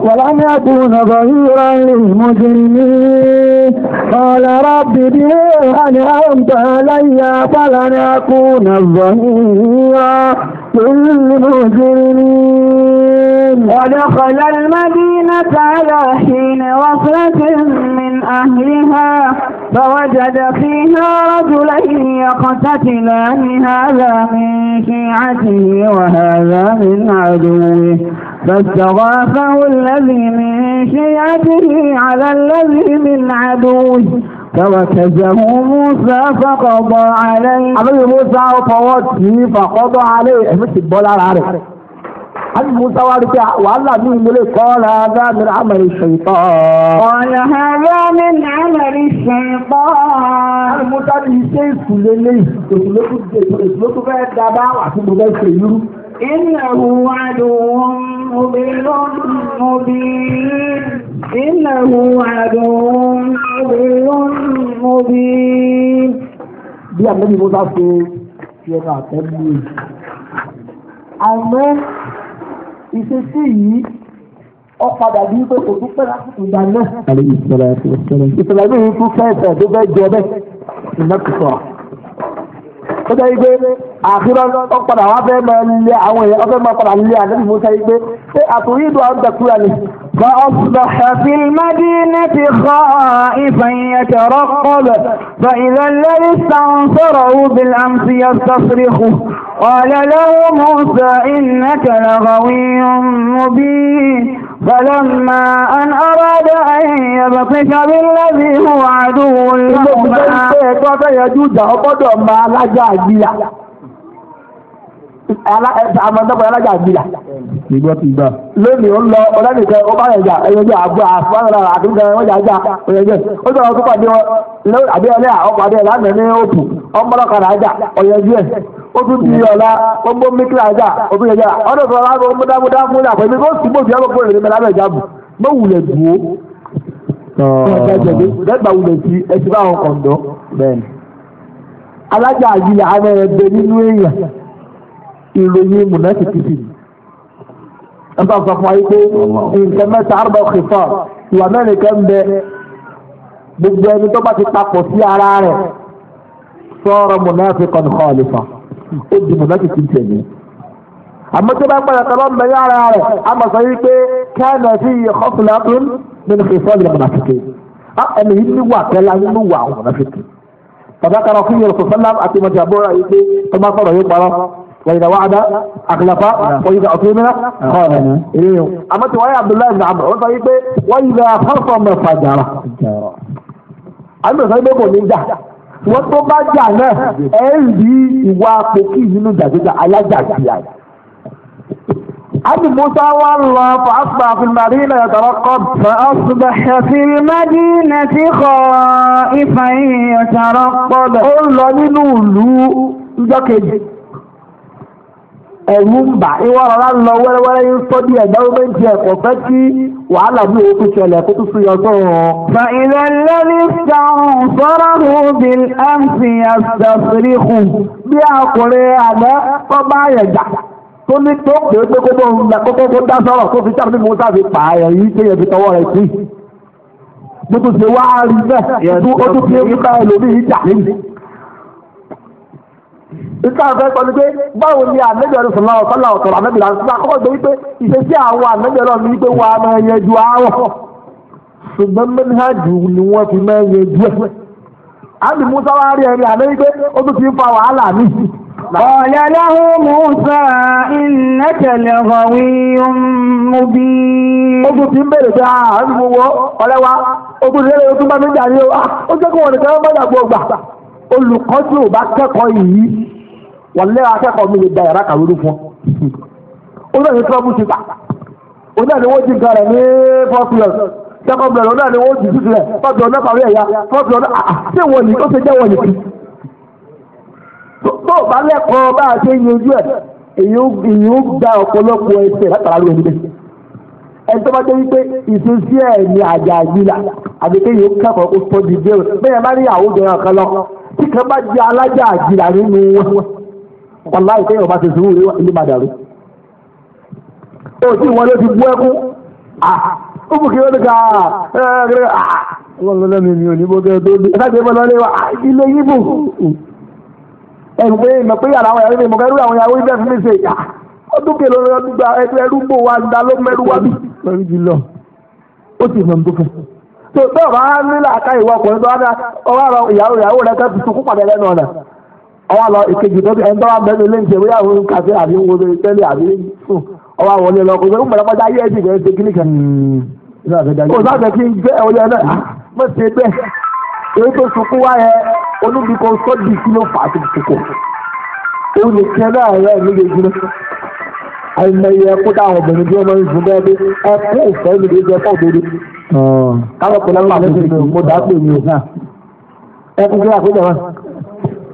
ولم يكون ظهيرا للمجرمين قال رب بما أنعمت علي فلن أكون ظهيرا المجرمين ودخل المدينة على حين وصلة من أهلها فوجد فيها رجلين يقتتلان هذا من شيعته وهذا من عدوه فاستغاثه الذي من شيعته على الذي من عدوه فوكزه موسى فقضى عليه àbẹ́bí musa fọwọ́ tì í fàkọ́dọ̀ alẹ́ ẹ̀mí ti bọ́ lára rẹ̀ àbí musa wá rí pé wàhálà mi ń wọlé kọ́lá dámìrì àmàlì ṣèǹtọ́. ọ̀nà àbámi àmàlì ṣèǹtọ́. àbí musa ní iṣẹ́ ìsúlélẹ́yìn òṣèlú tó fẹ́ẹ́ dábàá àti mo fẹ́ ṣe irú. إنه عدو مضل مبين إنه عدو مضل مبين bí àmọ́bí bó bá ṣe fi ẹnu àtẹ́ mú un. àmọ́ ìṣesí yìí ó padà bí pé kò tún pẹ́ lásìkò ìgbà náà. ìṣẹ̀lẹ̀ náà yìí tún fẹ́ ẹ̀sẹ̀ tó fẹ́ jẹ bẹ́ẹ̀ ìmọ̀tòkọ̀. ó dẹ́ igbe àkírọ́ ọ padà wá fẹ́ máa lé àwọn èèyàn ọ fẹ́ máa padà lé فأصبح في المدينة خائفا يترقب فإذا الذي استنصره بالأمس يستصرخه قال له موسى إنك لغوي مبين فلما أن أراد أن يبطش بالذي هو عدو لهما amọ̀tọ́kọ̀ alájà gbìlà. ìgbọ́ ti gbà. lónìí ó ń lọ ọlọ́nìkan ó bá rẹ̀ jà ẹ̀yẹ́jẹ́ àbúrò àfọwọ́nà àdúgbò wọn jà jà ọ̀yẹ́jẹ́ ó sọ̀rọ̀ tó pàdé wọn àbí ọlẹ́ ọkọ̀ àbí ẹ̀lá nà ní òpù ọmọlọ́kadà ó tún di ọ̀la gbogbo ọ̀dọ̀ ìròyìn mùnàfíkì sí i ẹ̀ka sọ fún wa yìí pé nǹkan mẹ́ta àrùbá òkèfà ìwà mẹ́rin kan bẹ gbogbo ẹni tó bá ti papọ̀ sí ara rẹ̀ sọ̀rọ̀ mùnàfíkì nǹkan ọ̀lẹ́fà ó di mùnàfíkì tẹ̀lé àmọ́ tó bá gbọ́dọ̀ tọ́lọ́ mẹ́ yára rẹ̀ a mọ̀ sọ yìí pé kẹ́ẹ̀nà sí iye kọ́fùlàtún nínú fìfọ́ ìlú mùnàfíkì ẹni yìí ní wà kẹ́lá nínú wà mùnàfíkì bàbá kan fún yorùbá sọ́lá àti mọ̀tì àbúrò yìí pé tọ́ وإذا وعد أخلف نعم. وإذا أطمئن نعم. خان نعم. إليه أما يا عبد الله بن عمرو طيب وإذا خرصم فجر àmì ìsọ̀rọ̀ ìgbẹ́kọ̀ ní ìjà wọ́n tó bá jà náà ẹ̀ ń rí ìwà pòkì nínú ìjàgbéjà alájàgbéjà. موسى والله فأصبح في المدينة يترقب فأصبح في المدينة خائفا يترقب قل له نولو ìjọ ẹ̀rù ń bà ìwọ rọra ń lọ wẹ́rẹ́wẹ́rẹ́ yín tó di ẹ̀dáwọ́mẹ́ntì ẹ̀ kò fẹ́ kí wàhálà bí òun ti ṣẹlẹ̀ kó tún fìyà tó hàn. fàìlẹ̀ lẹ́ni sàn sọ́rọ́ rúbi ẹ̀ǹsì àṣàfìríkù. bí akùnrin àná tó bá yẹ̀ jà tó ní tó pé pé kó bó ń lẹ kókó kó dá sọ̀rọ̀ tó fi sábà mú sábà pa ẹ̀ yìí pé yẹn fi tọwọ́ rẹ̀ sí. mo tún ṣe wá rí bẹ́ẹ̀ ìka àfẹ́ sọ ni pé báwo ni ànábì ọ̀rọ̀ sọ̀lá ọ̀sọ́lá ọ̀sọ̀rọ̀ ànábì là wípé ìṣesí àwọn ànábì ọ̀rọ̀ mi wà wàá máa yẹ ju àárọ̀ ṣùgbọ́n mẹ́nìhàjù ni fi máa musa rí àná wípé ti ń fa wàhálà mi. ọ̀lẹ́ musa ọ̀wí ó tún ti ń bèrè pé ah, mo wọ wa mi jà ní o ah, ó jẹ́ wọ́n lé akẹ́kọ̀ọ́ mi lè da yàrá kàwé fún ọ náà ní trọ́bù ti gbà ọ náà ni wọ́n ti gan rẹ̀ ní first class second class ọ náà ni wọ́n ti six rẹ̀ first class ọ̀nà ẹ̀yà first class ọ̀nà ah, ah, ṣé wọ́n ó ṣe jẹ́ wọ́n ní tó o bá lẹ́kọ̀ọ́ bá a ṣe yanjú ẹ̀ èyí ó gba ọ̀pọ̀lọpọ̀ ẹsẹ̀ látara lóyún níbẹ̀ ẹni tó bá jẹ́ wípé ìṣesí ẹ̀ ní àjà àgbìlà àbí pé yóò kẹ́kọ̀ọ́ kó sọ di bẹ́ẹ̀ bẹ́ẹ̀ bá ní àwùjọ yẹn kan lọ tí kan bá jẹ́ alájà àgbìlà nínú wọn wàláì tẹ́yìn ọba ṣe sùúrù ilé máa dàrú. òtí wọn ló ti bú ẹkún ó bù kí wọ́n ti ka wọ́n lọ́lọ́ mi mi ò ní bó kẹ́ tó dé. ẹ̀ka gbé bọ́lá lé wa ilé yín bù. ẹ̀rù pé ìmọ̀ pé yàrá àwọn yàrá mi mọ̀ kẹ́rù àwọn yàrá ibẹ̀ fún mi ṣe ìyá. ó dún kèlò lọ́dún gba ẹrú gbò wa da ló mẹ́rù wá bí. pẹ̀lú jùlọ ó ti mọ̀ nípa. tó bẹ́ẹ̀ bá tó wá dá ọwọ́ ọwọ́ lọ ìkejì tó ẹni tó wà bẹ́ẹ̀ ní léńjẹ bóyá òun kàfé àbí ń wo lórí tẹ́lẹ̀ àbí ọwọ́ wọlé lọ kò sóun pẹ̀lẹ́pọ̀ dáyé ẹ̀sìn kò ṣe kíní kan. Hmm. kò sáfẹ́ kí n gbé ọyọ náà mo ṣe bẹ́ẹ̀ èyí tó sunkún wá yẹ olúbi kan sọ́ọ̀dì kí ló fà á tó kókó òun lè kẹ́ náà rẹ̀ ní lójú náà àìmọye ẹkú táwọn obìnrin tí wọn máa ń sun bẹ́ẹ̀ bí ẹkú ìfẹ́ mi lè jẹ fọwọ́ dodo. káwọn kò lọ́wọ́ àti ìfẹ́ mi kò dá pè mí o. ẹkú kí wàá pè jẹ́ wọn.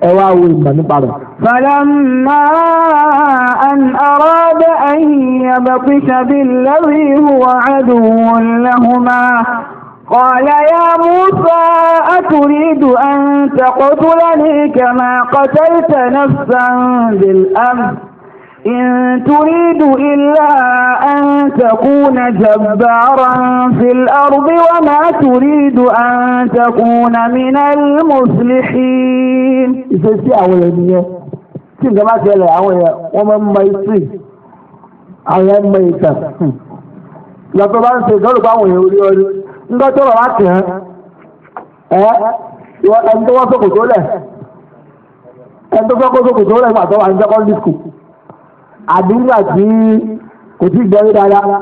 فلما أن أراد أن يبطش بالذي هو عدو لهما قال يا موسى أتريد أن تقتلني كما قتلت نفسا بالأمر إن تريد إلا أن تكون جبارا في الأرض وما تريد أن تكون من المصلحين ìṣesí àwọn ènìyàn tí nǹkan bá ṣẹlẹ̀ àwọn èèyàn wọ́n máa ń mọ ìsìn àwọn èèyàn ń mọ ìtàn lọ́tọ́ bá ń ṣe ìdánwò pé àwọn èèyàn orí ọrí ńgbọ́ tó bàbá kàn án ẹ ẹni tó wọ́n sókòtò lẹ̀ ẹni tó fẹ́ kó sókòtò lẹ̀ nígbà tó wà ní secondary school àdúrà tí kò tí gbọ́ rí dáadáa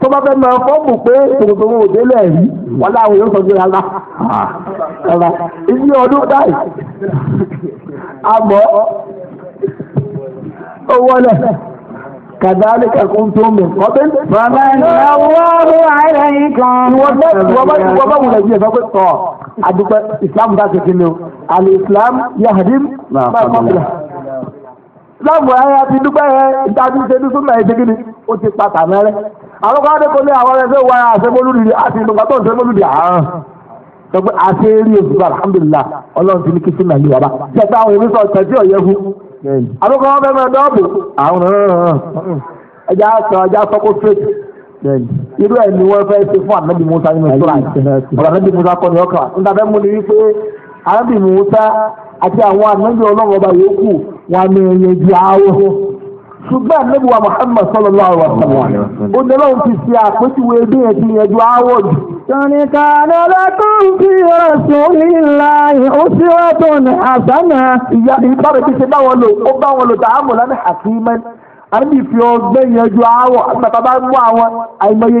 tó bá fẹ́ máa fọ́ọ̀mù pé tòkòtò wọn ò délẹ̀ rí wọn láwọn yóò sọ pé rárá rárá ibi ọdún dáì àmọ́ ó wọlé kàdáàlì kẹkùn tó mi ọbẹ̀ bàbá ìyàwó àìrẹ̀yìn kan wọ́n bá wọ́n wùlẹ̀ yìí ẹ̀fọ́ pé tọ̀ o àlè láàmù ayé àti dúpẹ́ yẹn ìdájú ṣe ní súnmọ́ ẹ̀ṣẹ́ kí ó ti pa tàmẹ́rẹ́. àwọn kan ní àwọn ẹgbẹ́ wa àti tó ń eré oṣù alhamdulillah ọlọ́run ti ní kí sínú àyè bàbá. ṣẹ̀dá àwọn èmi tẹ̀sí ọ̀yẹ́ fún. dọ́ọ̀bù. àwọn arábì Mùsá àti àwọn ànábì ọlọ́run ọba yòókù wọn ni ẹ̀yìn ju ṣùgbọ́n ànábì wa Muhammad sallallahu alaihi wasallam ó ní ọlọ́run ti ṣe àpèjúwe bí ẹ̀ ti yẹn ju àárọ̀ jù. كان لكم في رسول ìyá ti ṣe báwọn lò ó báwọn lò lánàá fi ọgbẹ́ àgbàtà bá mú àwọn àìmọye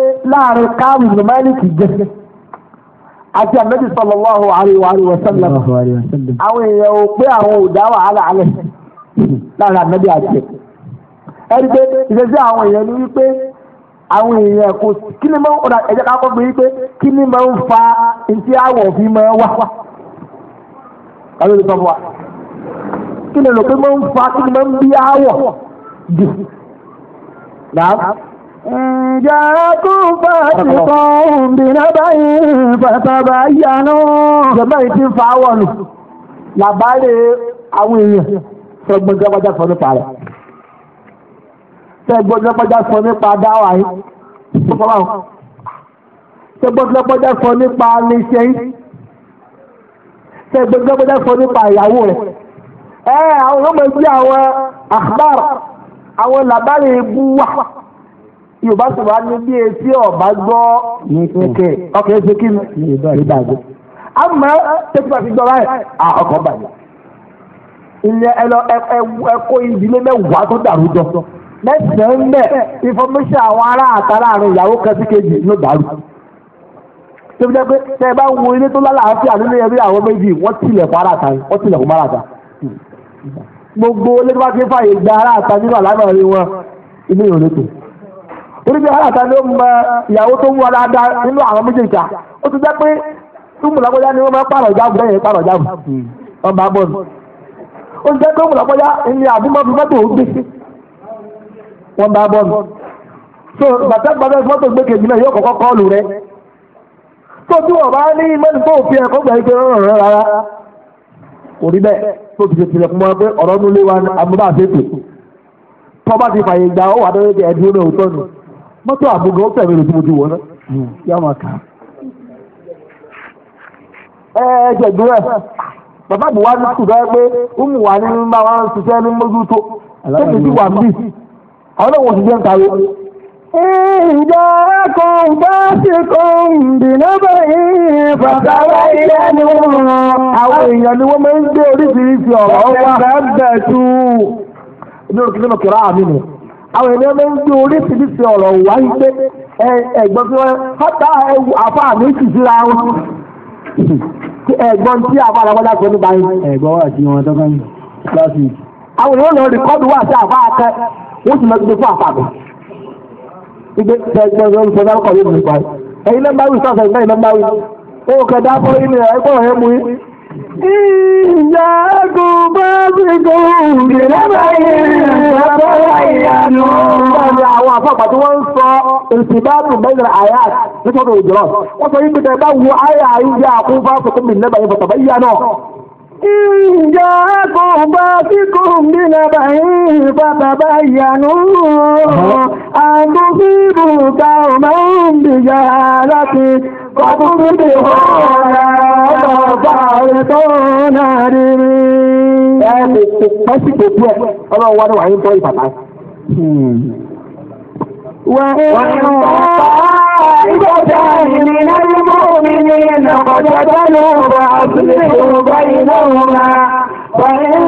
láàrin káàmù ní máìlìkì jẹ́ àti àmẹ́bí sallallahu alaihi wa sallam àwọn èèyàn ò pé àwọn ò dá wàhálà alẹ́ láàrin àmẹ́bí àti ẹni pé ìṣesí àwọn èèyàn ní wípé àwọn èèyàn kò kí ni máa ń ọ̀nà ẹ̀jẹ̀ ká kọ́gbé wípé kí ni máa ń fa ntí àwọ̀ fi máa wá wá. Àwọn olùkọ́ fún wa kí ni lòpin máa ń fa kí ni máa ń bí àwọ̀ jù. جاءكم فاسق بنبأ فتبينوا jẹ̀mọ́ yìí ti ń fa awọ nù làbáyé àwọn èèyàn sẹ́gbọ́n jẹ́pọ́jà sọ nípa rẹ̀ sẹ́gbọ́n jẹ́pọ́jà sọ nípa dáwà yìí sẹ́gbọ́n jẹ́pọ́jà sọ nípa léṣe yìí sẹ́gbọ́n jẹ́pọ́jà sọ nípa ìyàwó rẹ̀ ẹ̀ àwọn ọmọ ẹgbẹ́ àwọn àkàbàr àwọn làbáyé bú yorùbá sọ̀rọ̀ á ní bí etí ọ̀bá gbọ́ ọkọ̀ ẹ̀ṣẹ̀ kí ni ìbàjẹ́ àmọ́ tẹ́tí àti gbọ́ báyìí à ọkọ̀ bàjẹ́ ilé ẹlọ ẹkọ ìdílé mẹ́wàá tó dàrú jọ mẹ́sàn-án mẹ́ àwọn ará ìyàwó kan sí kejì ló dàrú tóbi tẹ́ ẹ bá wo ilé tó lálàáfíà nínú ẹbí àwọn méjì wọ́n ara ta gbogbo ti ara nínú torí bí ni ló mọ ìyàwó tó ń wọ dáadáa nínú àwọn méjèèjì ó ti jẹ́ pé túmùlágbọ́já ni wọ́n máa pààrọ̀ ìjáàbù lẹ́yìn pààrọ̀ ìjáàbù wọ́n máa bọ̀ ó ti pé ni mọ́tò gbé wọ́n so bàtà gbàgbé mọ́tò gbé kejì náà yóò kọ́kọ́ kọ́ọ̀lù rẹ. tó tí wọ́n bá ní tó fi ẹ̀kọ́ gbà mọ́tò àbúgọ́ ó tẹ̀wé lójú mojú wọ́n yá máa kà ẹ ẹ bàbá mi wá ní pé wa ní bá wa ń ṣiṣẹ́ ní mójútó tẹ́lẹ̀ sí wà mí àwọn náà wọ́n ń kàwé. Ìjọ bá báyìí bàbá ilé ni Àwọn èèyàn ni máa ń gbé àwọn ènìyàn máa ń gbé oríṣiríṣi ọ̀rọ̀ wá yí ẹ̀gbọ́n tí wọ́n hátà àfa mi sì síra wọn ẹ̀gbọ́n tí àfa alágbádá sọ nípa yín. ẹ̀gbọ́n wà sí wọn tọ́kàn láti. àwọn ènìyàn lọ rìkọ́dù wà sí àfa akẹ́ wọ́n sì máa fún àfa mi. ìgbé ẹ̀gbọ́n tó ń ẹ̀yin إياكم فاسقون بنبأ فتبينوا àwọn àfọ̀gbà tí wọ́n ń sọ ìsìbáàtù bẹ́ẹ̀ni àyà nítorí ìjọba wọ́n sọ yìí pẹ̀tẹ̀ bá wo àyà ìyá àkún fásitì mi lẹ́bàá yẹn fọ̀tàbá yíyá náà. Ìjà bìyà láti. Fàbúrúdì ọ̀rọ̀ ọ̀bà ètò náà rí rí. Ẹ lè ṣe pẹ́sìkò díẹ̀, ọlọ́run wá ní wàá ń tọ́ ìbàbá. Wọ́n ń bá ìjọba ìrìnà ní mọ́mí ní ìnàkọ̀jọ́ bá lóun bá àtúnṣe òun وإن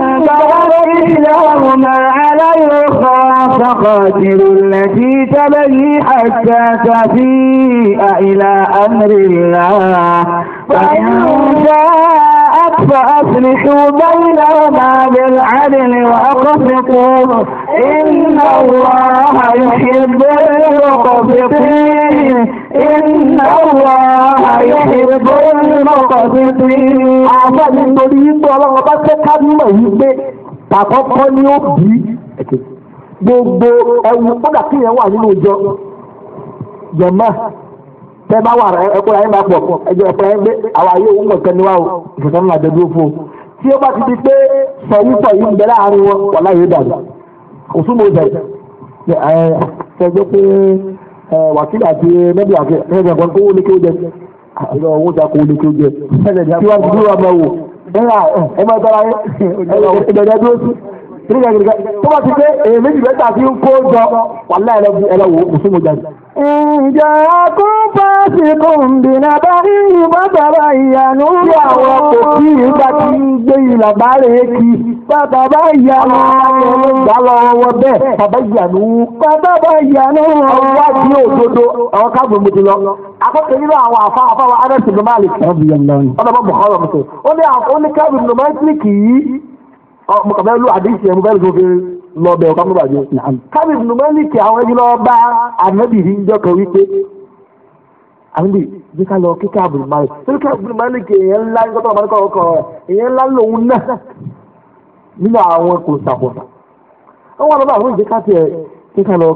لهما على الأخرى فقاتلوا التي تبغي حتى تفيء إلى أمر الله فإن شاء فأصلحوا بينهما بالعدل وأقسطوا إن الله يحب المقسطين إن الله يحب المقسطين أعظم النبي صلى الله عليه وسلم àkọ́kọ́ ni ó bí gbogbo ẹ̀wù kódà kí yẹn wà nínú ìjọ jọ̀mọ́ tẹ bá wà ẹkọrọ ayé máa pọ ẹjọ ẹkọrọ ayé gbé àwọn wa òun o ìfẹsẹ̀ ńlá dẹdúró fún o ti di pé sọ̀yìntọ̀ yìí ń bẹ láàrin wọn wà láyé dàrú òsúmọ̀ ìbẹ̀rẹ̀ ẹ ṣẹjọ́ pé ẹ wàkílì àti mẹ́bí àti ẹ̀ẹ́dẹ̀ kan kówó kìrìkà kìrìkà tó bá ti pé èyí méjì bẹ́ẹ̀ tà fi ń kó jọ wàhálà ẹlẹ́wọ̀ ẹlẹ́wọ̀ mùsùlùmí jáde. ǹjẹ́ kó fásitì kùnbìnà bá yìí bá bàbá ìyanu lọ. tí àwọn kò kí nígbà tí ń gbé ìlà bá rè àwọn káàbọ̀ mo ti wa adẹ́sìn ló máa lè kí. ọ̀dọ́ bá bọ̀ mo kàn fẹ́ lù àdéhìí ẹ̀ mo fẹ́ lù fún fèrè lọ bẹ̀ ọ̀ká mọ́ bàjẹ́. kábí ibùdó mẹ́lìkì àwọn ẹbí lọ bá ànábì yìí ń jọ kan wípé ànábì bí ká lọ kíkà àbùrù máa rẹ̀ kíkà àbùrù máa lèkè èèyàn ńlá ní kọ́tọ́ àbáríkọ́ ọkọ̀ èèyàn ńlá lòun náà nínú àwọn kò sàkóso. àwọn àbábà àwọn ìjẹ́ká tiẹ̀ kí ká lọ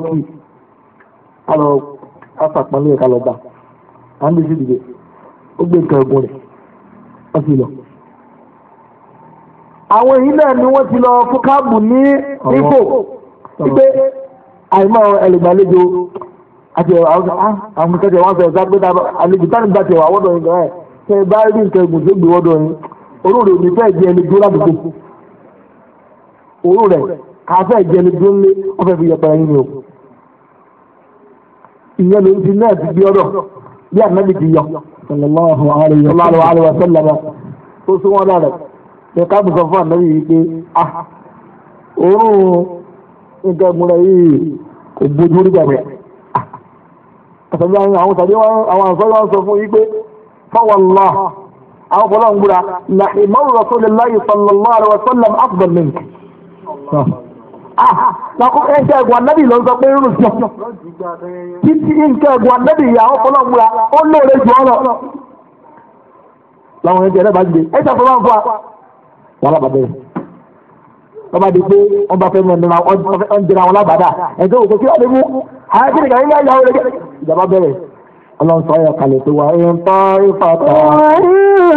àtàpọ̀lẹ́ ká lọ bá ànábì àwọn èyí náà ni wọ́n ti lọ fún káàbù ní Ìgbò wípé àìmọ̀ ẹlẹ́gbàlejò àti àwọn kẹtẹ wọn fẹẹ sáré gbẹdà àlejò tani gbàtẹ wà wọdọ yìí rẹ tẹ ẹ bá rí nǹkan ẹgùn tó gbé wọdọ yìí orú rẹ òní fẹẹ jẹ ẹni dúró ládùúgbò orú rẹ káfẹ jẹ ẹni dúró lé ọfẹ fi yẹpẹrẹ yín ni o ìyẹn ló ń ti náà ti gbé ọdọ bí ànábì sallallahu alaihi wa sallam tó ìka bùsọ̀ fún ànábì yìí pé ah òórùn nǹkan ìmúra yìí kò gbójú orí gbàgbé ah àtàbí àwọn tàbí àwọn àǹsọ́ yóò sọ fún yìí pé fọwọ́lá àwọn ọ̀pọ̀lọpọ̀ ń gbúra làìmọ́rù rasulillahi sallallahu alaihi wasallam afdal mink ah, ah lakọ ẹnkẹ ẹgbọn anabi ló ń sọ pé irun sọ títí nkẹ ẹgbọn anabi yà àwọn ọ̀pọ̀lọpọ̀ ń gbúra ó lóore jù ọ lọ làwọn ẹgbẹ ẹdẹ bá gbé ẹjọ fọwọ́n fún wa yàrá bàbá yẹn wọ́n bá di pé wọ́n bá fẹ́ mọ ẹ̀nira ọ̀n jẹra wọn lábàdà ẹ̀jẹ̀ òkú kí wọ́n lè mú àyájú nìkan nígbà ìyàwó rẹ̀ ìjàmbá bẹ̀rẹ̀ ọlọ́run ayọ̀ kalẹ̀ tó wà ń tọ́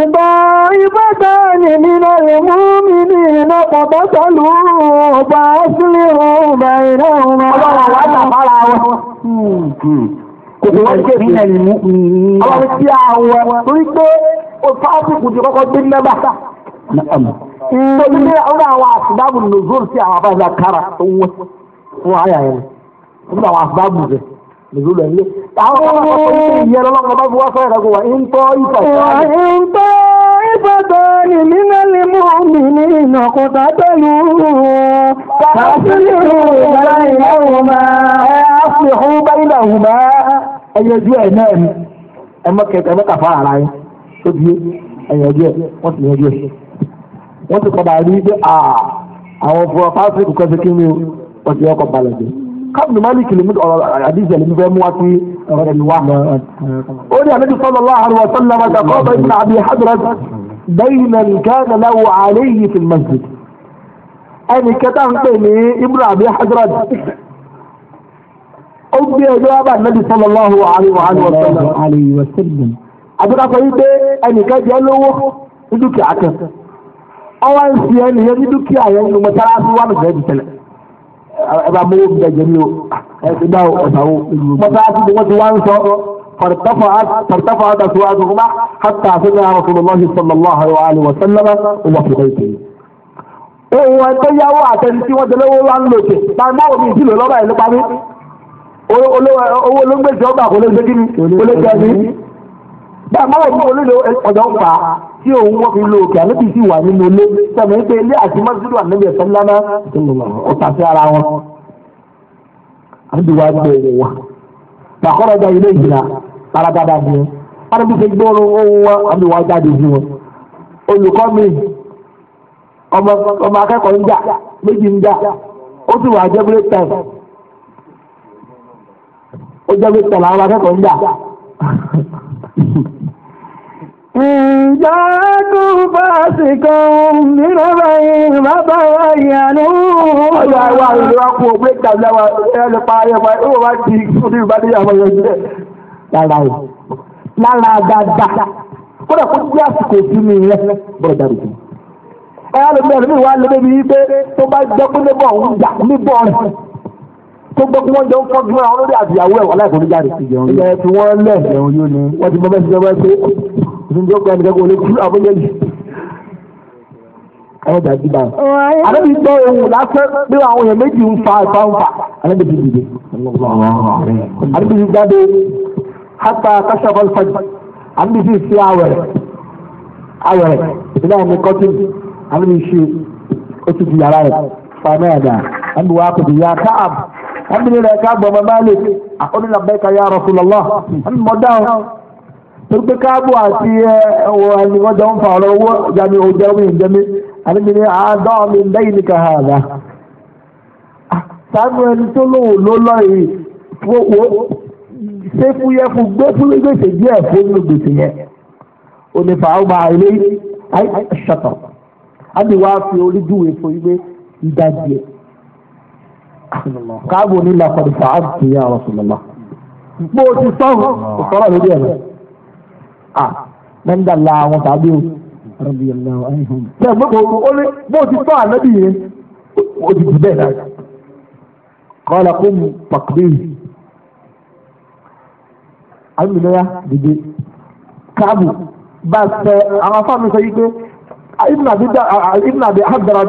ìgbà ìfọ̀tọ̀ ni nínú ìmú mi ní iná pọ̀pọ̀ sọ́lù ọgbà ọ́sílẹ̀ ọgbà iná ọmọ. ọlọ́run àwọn àtàkárà hmm. Pẹ̀lú ní ọ̀rọ̀ àwọn àṣìbáàbù nùzúrù sí àwọn abáyé kára owó fún àyà yẹn. Nígbà àwọn àṣìbáàbù rẹ̀ nùzúrù ẹ̀yẹ. Àwọn ọmọ ọmọ ìyẹn lọ́wọ́ bá fi wá sọ́yìn rẹ̀ kó wà ń tọ́ ìfà ìfọ̀tọ́ni nínú limú mi ní ìnàkúta pẹ̀lú kàfíìrù báyìláhùmá ẹ áfìhù báyìláhùmá ẹyẹjú ẹ náà ni ẹ mọ́kẹ̀kẹ̀ mọ́kàfà ara yín tó di ẹyẹjú ẹ wọ́n wọ́n ti padà rí pé àwọn fún ọ fásitì kan ṣe kí ni wọ́n ti ọkọ̀ balẹ̀ jẹ́ káàbù malik lèmi ọ̀rọ̀ àdìsẹ lèmi fẹ́ mú wá sí ọ̀rọ̀ ẹni wá. ó ní àlejò sallallahu alaihi wa sallam àtàkọ́bẹ̀ ibn abi hadrat bayna kana lahu alayhi fil masjid. ẹnì kẹta ń pè ní ibn abi hadrat ó gbé ẹjọ́ bá àlejò sallallahu alaihi wa sallam. àdúrà sọ ọwọ́ ń fi ẹni yẹn ní dúkìá yẹn nínú mọ́sálásí wà lùgbẹ́ ti tẹ̀lẹ̀ ẹ bá mọ́wó bíi ẹ̀jẹ̀ mi o ẹ ti o ọ̀sà o mọ́sálásí ni wọ́n ti wá ń sọ فارتفع أسواقهما حتى سمع رسول الله صلى الله عليه وسلم وما في بيته òun ẹgbẹ́ yàwó àtẹnití wọ́n tẹ̀lé owó wa ń lòkè máa máa omi ìdílé lọ́ba ẹ̀ ló parí owó olóńgbèsè ọgbà kò lè ṣe kí ni kò lè jẹ́ ní. a máa wọ̀ wọlé lọ ọjọ ń fà á tí òun wọ́n fi lo òkè na sì wà nínú ilé sọ̀rọ̀ wípé ilé àti mọ́sídù ànábì ẹ̀fọ́ ńláná ọ̀tà sí ara wọn. àbúrò gbé ohun wa bàkọ́rọ̀ gba ilé ìjìnà paragada wọn ohun wọn jáde wọn. olùkọ́ mi ọmọ akẹ́kọ̀ọ́ ń jà méjì ń jà ó sì wà jẹ́ جاءكم فاسق بنبأ فتبينوا Ọjọ́ àìwá ìlera kú ògbé ìgbàláwà ẹni pa ayẹwà ìwọ wá ti mi mi wá lé wípé tó bá pé níbọ̀ ń jà níbọ̀ rẹ̀. tó gbọ́ pé wọ́n jọ ń fọ́ àwọn olórí àdìyàwó ẹ̀ wọ́n láì fọ́n jáde. ilẹ̀ tí wọ́n lẹ̀ wọ́n ti bọ́ bẹ́ẹ̀ ṣe ìdí tó gba ẹnìkan kò kú àbújá yìí. ẹ dà sí báyìí. àdébí gbọ́ ewu lásán pé àwọn èèyàn méjì ń fa ìfa ń fa àdébí ti dìde. àdébí ti jáde hata kásáfà fàjì àdébí ti àwẹ̀rẹ̀ àwẹ̀rẹ̀ ìdílé alhamdulilayi ká gbọ́ ọmọ malik àkọ́ni labbaika eh, ah, ya rasulallah mọ̀dá o torípé káàbù àti ẹ̀wọ̀n jọ ń fa ọ̀rọ̀ owó ni àádọ́ mi lẹ́yìn ní kàhàdà ẹni tó lòun ló lọ yìí ṣé fún gbé fún gbèsè díẹ̀ fún mi gbèsè yẹn onífà ọmọ àìlè ṣàtọ̀ á ní wàá fi orí júwèé fún yí pé káàbù ní làkọ̀dù fàáàtì ya Rasulullah bó o ti sọ̀rọ̀ kò sọ̀rọ̀ lórí ẹ̀rọ à mẹ́ńdà la àwọn tàbí o bẹ́ẹ̀ gbogbo olè bó o ti sọ ànábì yẹn o ti dì bẹ́ẹ̀ náà kọ́lá kó mu pàkúrẹ́yì alùmínáyà dìde káàbù bá a sẹ àwọn afáàmì sọ yìí pé ibùnà àbí àbdàrà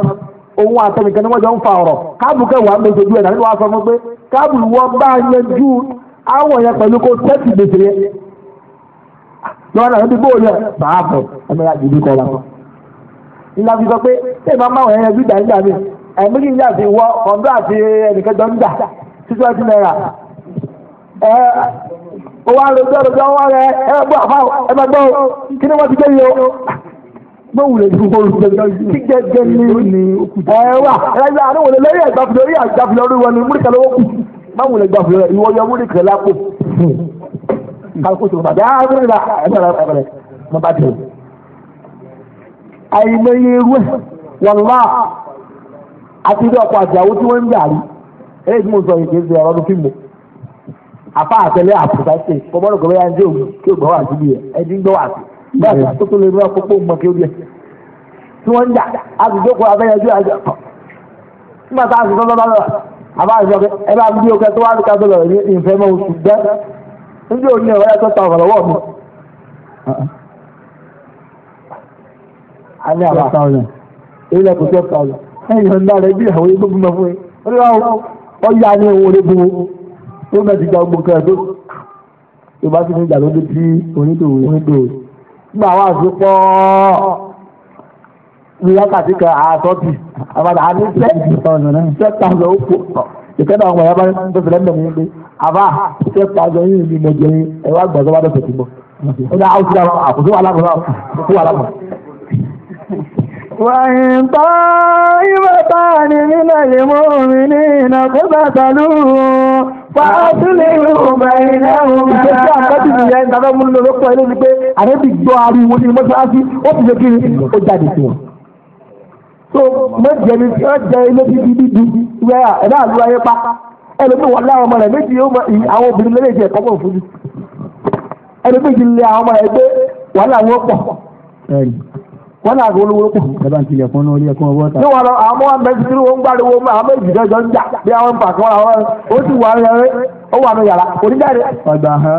òun àtẹnìkan ni wọ́n jọ ń fa ọ̀rọ̀ káàbù kẹwàá méjèèjì ẹ̀ nínú aṣọ fún pé káàbù wọ́n bá yanjú àwọn yẹn pẹ̀lú kó tẹ́tì gbèsè yẹn lọ́wọ́ náà níbi bóòlù ẹ̀ bàá fi sọ pé ṣé ìmọ̀ máa wọ̀nyẹn mi ẹ̀mí kì í yà sí wọ ọ̀dọ́ àti ẹnìkan jọ ń dà títí wọ́n ti náírà ma lè fi kóru gbẹgbẹ gbẹgbẹ ní ẹwà ẹgbẹ àdéhùn lè lẹ́yìn àgbàfilẹ lẹ́yìn àgbàfilẹ orí wọn ni múlìkà lọ́wọ́ kù máwùn ìwọ yọ lápò ah, àti ilé ọkọ àjàwó tí wọn ń sọ yìí kì í báyìí àtúntò lè rú àkókò mọ̀kì orí ẹ̀ tí wọ́n ń jà àtúntò abẹ́yẹjú àjọ nígbà tá a sì tọ́tọ́ bá lọ àbá àjọ pé ẹ bá ń bí oge tó wá ní kájọ lọ́rọ̀ ní ìfẹ́ mọ́ oṣù gbẹ́ níbi òní ẹ̀rọ ẹ̀ tó ta ọ̀rọ̀ wọ̀ mi. alẹ́ àbá ilẹ̀ kò tẹ́ fàlọ́ ẹ̀yìn ọ̀nà rẹ̀ bí àwọn egbò bímọ fún yín ó yá ní owó orí bu ó mẹ́tì gba gbogbo tó ìbá sì ní ìjà lóde tí onídòwò onídòwò gbà wá sí pọ́ ní wákàtí kan àtọ́tì àbàdà àní sẹ́tàzọ̀ òkú ìkẹ́dà ọmọ yàrá tó fìlẹ́ mọ̀ mí pé àbá sẹ́tàzọ̀ yìí ni mo jẹ ẹ̀ wá gbàgbọ́ wá dọ̀tẹ̀ tó bọ̀ ó dá áwùsí àwọn àkóso wà lábọ̀ àkóso wà lábọ̀. وإن طائفتان من المؤمنين اقتتلوا فأصلحوا بينهما. àrẹ́bí gbọ́ ariwo ní mọ́ṣáláṣí ó ti ṣe kí ó jáde sí wọn. so mẹ́jẹ ni ó jẹ ilé bíbí bíbí ìwé ẹ̀dá àlùwà yẹn pa ẹlòmíì wọn láwọn ọmọ rẹ̀ méjì àwọn obìnrin ti lé àwọn ọmọ gbé wàhálà wọn pọ̀ náà lówó ẹ bá ń tilẹ̀ fún ọwọ́ ta. ní wọn lọ àwọn ọmọ ń àwọn méjì jọjọ ń jà bí àwọn pàṣẹ wọn àwọn ó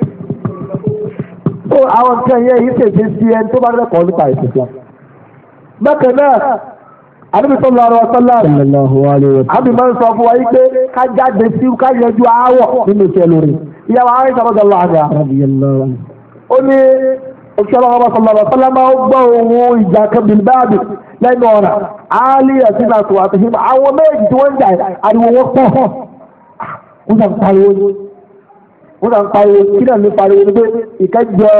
sì so àwọn nǹkan yẹn yìí tètè sí ẹni tó bá rẹ̀ kọ́ nípa ìsìnkú. bákan náà àdúgbò tó lọ ọ̀rọ̀ sọ́lá rẹ̀ àbí máa ń sọ fún wa yìí pé ká jáde sí ká yẹjú aáwọ̀ nínú iṣẹ́ lórí ìyàwó àwọn ìṣàkóso ọ̀dọ̀ àgbà. ó ní òṣèlú ọmọ sọlá rẹ̀ sọlá máa ń gbọ́ ohun ìjà kẹbìlì báàbì lẹ́nu ọ̀rà áálí ẹ̀sìn àtúwàtúhìm àwọn méjì tí wọ́n ń jà ariwo ah, wọ́n pọ̀ wọ́n kàn pariwo kí náà ló pariwo ni pé ìkẹ́ jẹ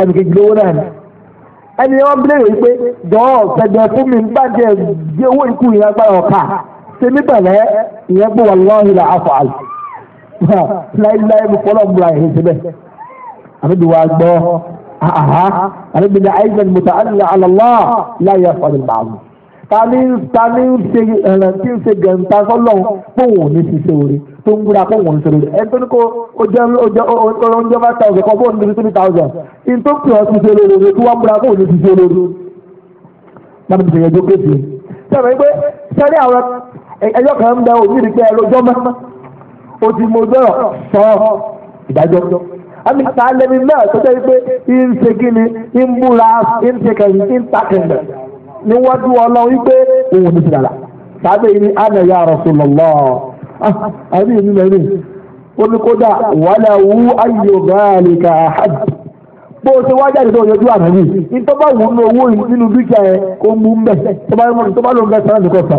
ẹnìkejì lówó náà ni ẹni wọn bílẹ̀ yìí pé jọ̀ọ́ sẹ̀dẹ̀ fún mi gbàjẹ́ di owó ikú yẹn agbára ọ̀ka sẹ́mi pẹ̀lẹ́ ìyẹn gbé wà lọ́wọ́ ìlà afọ àlù láíláí mo fọlọ́ múra ìhìn síbẹ̀ àbíbi wa gbọ́ àhá àbíbi ní àìsàn mùtà àlùlá àlọ́lá láyé ọ̀fọ̀dù màmú ta ni ta ni ń ṣe ẹ̀rẹ̀ eh, tí ń ṣe gẹ̀ǹta sọ́lọ́ fún òun ní ṣiṣẹ́ orí tó ń gbúra fún wọn sọ̀rọ̀ ẹ tó ní kó o jẹ oúnjẹ five thousand kan fóònù níbi three thousand in tó pè ọ́ ti ṣe o tí wọ́n gbúra fóònù ti ṣe olóró láti fi ṣèyànjú kéde sọ̀rọ̀ pé sẹ́ni àwọn ẹjọ́ kan ń bẹ òbí rí pé ẹ lójọ́ mọ́ o ti mọ ojú ọ̀rọ̀ sọ ìdájọ́ àmì ta lẹ́ni náà tó jẹ́ pé ń ṣe kí ni ń búra ń ṣe kẹ̀yìn ń ta kẹ̀yìn níwájú ọlọ́run wípé òun ò ní ti dàda sábẹ́ yìí ni àná ya Rasulullah. Ah, ah, àbí èmi lẹ́rìn ó ní kódà wàhálà wú ayò báàlì ká àhàbì bó o ṣe wá jáde tó yọjú àná yìí ní tó bá wù ú ní owó nínú dúkìá yẹn kó mú ń tó bá tó bá ló ń bẹ sára nìkan sà.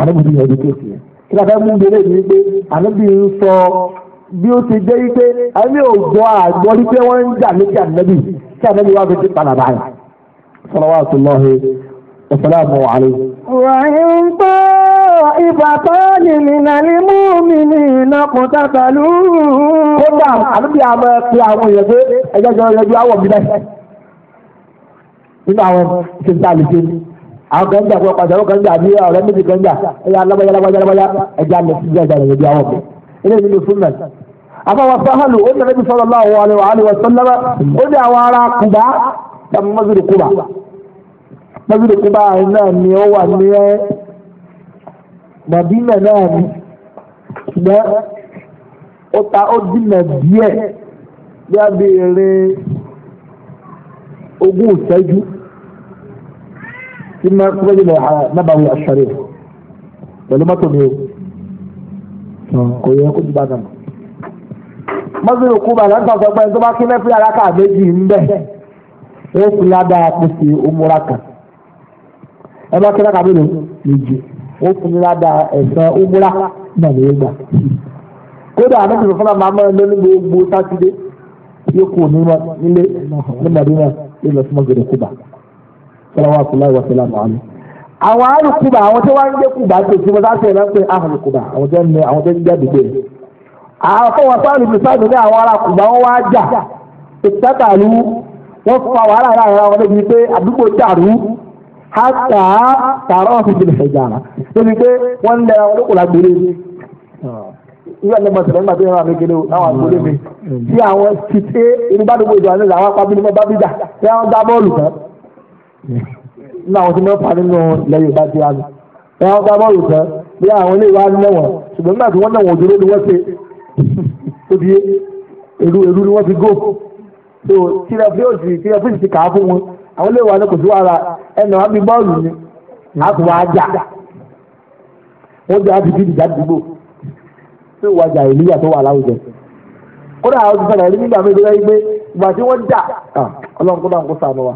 àdébùdí yẹn dúkìá sí yẹn kí mú bèrè ní pé àdébùdí ń sọ bí ó ti jẹ́ wípé àbí ò gbọ́ àgbọ́ wípé wọ́n ń jà lókè ànábì kí ànábì wá fi ti padà báyìí. sọlá wa sọlá ọ̀hìn ọ̀sán láàmú wàhálà. wàhálà ń pọ́ ìbátan nìmínà ní múmi ní iná kò tàtàlú. kódà àdúgbò àmọ́ pé àwọn èèyàn pé ẹjọ́ jọ yọjú àwọ̀ mi bẹ́ẹ̀. nínú àwọn ìṣèǹtà àlùfẹ́ àwọn kan ń jà fún ọkọ̀ àwọn kan ń jà bí ọ̀rẹ́ méjì kan ń jà ẹ̀yà alábọ́yá alábọ́yá alábọ́yá ẹ̀já lọ sí ìjà ìjà yọjú àwọ̀ mi. eléyìí nínú súnmẹ̀ àfọwọ́ sáhàlù ó ní ẹbí sọ́dọ̀ láwọn alẹ́ wàhálẹ́ wà sọ́lẹ́mẹ́ ó ní àwọn ará ni na náà na ṣùgbọ́n ó ta ó dínà díẹ̀ bí a béèrè ogún ìṣẹ́jú tí máa kúrò na nábàáwí aṣọ́rẹ́ pẹ̀lú mọ́tò mi o kò yẹ kó ti bá dànù. mọ́tò kú bàtà ń sọ̀tọ̀ pé tó bá kí mẹ́fì aráka méjì ó fi ládàá pèsè òmùra kan ẹ bá kí ó fún mi ládàá ẹ̀sán umra náà ló gbà. kódà àná tuntun fúnra máa mọ́ ẹni lórí gbogbo sátidé yóò kú nílé ní Madina yóò lọ sí mọ́gìrì Kúbà sọlá wa kúlá ìwà sílá màálù. àwọn àrùn Kúbà àwọn tó wá ń gbé Kúbà tó ti mọ́ sáfẹ́ náà pé àrùn Kúbà àwọn tó ń lọ àwọn tó ń jáde gbé rẹ̀. àwọn fọwọ́ sáàlù bí sáàlù ní àwọn ará Kúbà wọn wá jà ìtẹ́tàlú wọ́n fa wàhálà láàárín àwọn ọmọdé bíi pé àdúgbò dàrú hátà tààrà ọ̀sìn bìlì hijara níbi pé wọ́n lẹ olókùnrin agbèrè ní ìwé ẹ̀lẹ́ mọ̀tẹ̀lẹ́ nígbà tó yẹn wà mí kéde láwọn agbèrè mi tí àwọn ti pé inú bá dùgbò ìjọba nílẹ̀ àwọn apábí nígbà bá bíjà tí wọ́n gbá bọ́ọ̀lù kan ní àwọn tí wọ́n pa nínú ilẹ̀ Yorùbá ti wá ní wọ́n gbá bọ́ọ̀lù kan bí àwọn ilé ìwà níwọ̀n ṣùgbọ́n nígbà tí wọ́n náà wọ́n dúró ni wọ́n ṣe èrú èrú ni wọ́n ti gò tí rẹ̀ fi ó sì ti kà fún wọn àwọn ilé ìwà ni kò sí wàhálà ẹnì wọn bí bọ́ọ̀lù ni wọn kò wáá jà wọn jẹ àti bíbí ìjàdùgbò tí ìwà jà ìlíyà tó wà láwùjọ kódà àwọn òṣìṣẹ́ rẹ̀ nígbà mi lórí pé ìgbà tí wọ́n jà ọlọ́run kódà ń kó sànù wa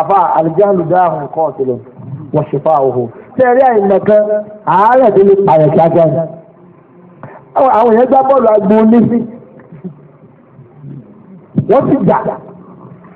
àfa àlùjáàlù dáhùn kọ́ ọ̀sẹ̀lẹ̀ wọ́n ṣe fà òhò tẹ̀rí àìmọ̀kan àárẹ̀ tó lè pààyàn kíákíá ni àwọn èèyàn gbá bọ́ọ̀lù agbo onísí wọ́n ti jà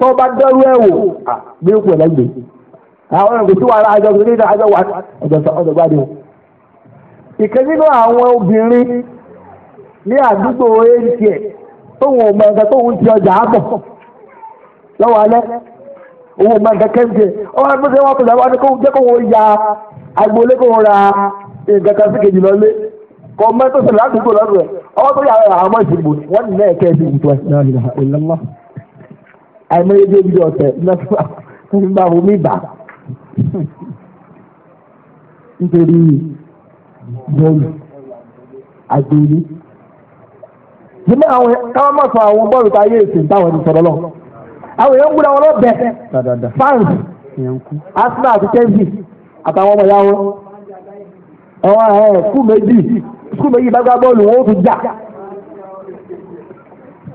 tó bá dẹ́rú ẹ̀ wò bí ó pẹ̀lẹ́ gbé àwọn ẹ̀rọ tí wàá àjọ gbé nígbà àjọ wà ọ̀dọ̀ ọ̀dọ̀ gbá dùn. nínú àwọn obìnrin ní àdúgbò atm tóun ò mọ nǹkan tóun ti ọjà á bọ̀ lọ́wọ́ alẹ́ mọ nǹkan jẹ́ kó wọ́n ya agboolé àìmọye bí ojú ọ̀tẹ̀ lọ́sọ̀rọ̀ omi ìbà nítorí bọ́ọ̀lù àgbèrè. Jìmọ́ àwọn káwọn mọ̀ sọ àwọn bọ́ọ̀lù tá a yé èsì táwọn ti sọ̀rọ̀ lọ. Àwọn èèyàn ń gbúra wọn lọ́bẹ̀ fans Arsenal àti Chelsea àtàwọn ọmọ ìyá wọn. Ẹ̀wọ̀n ẹ̀ skul méjì skul méjì bá gbá bọ́ọ̀lù wọn ó tún jà.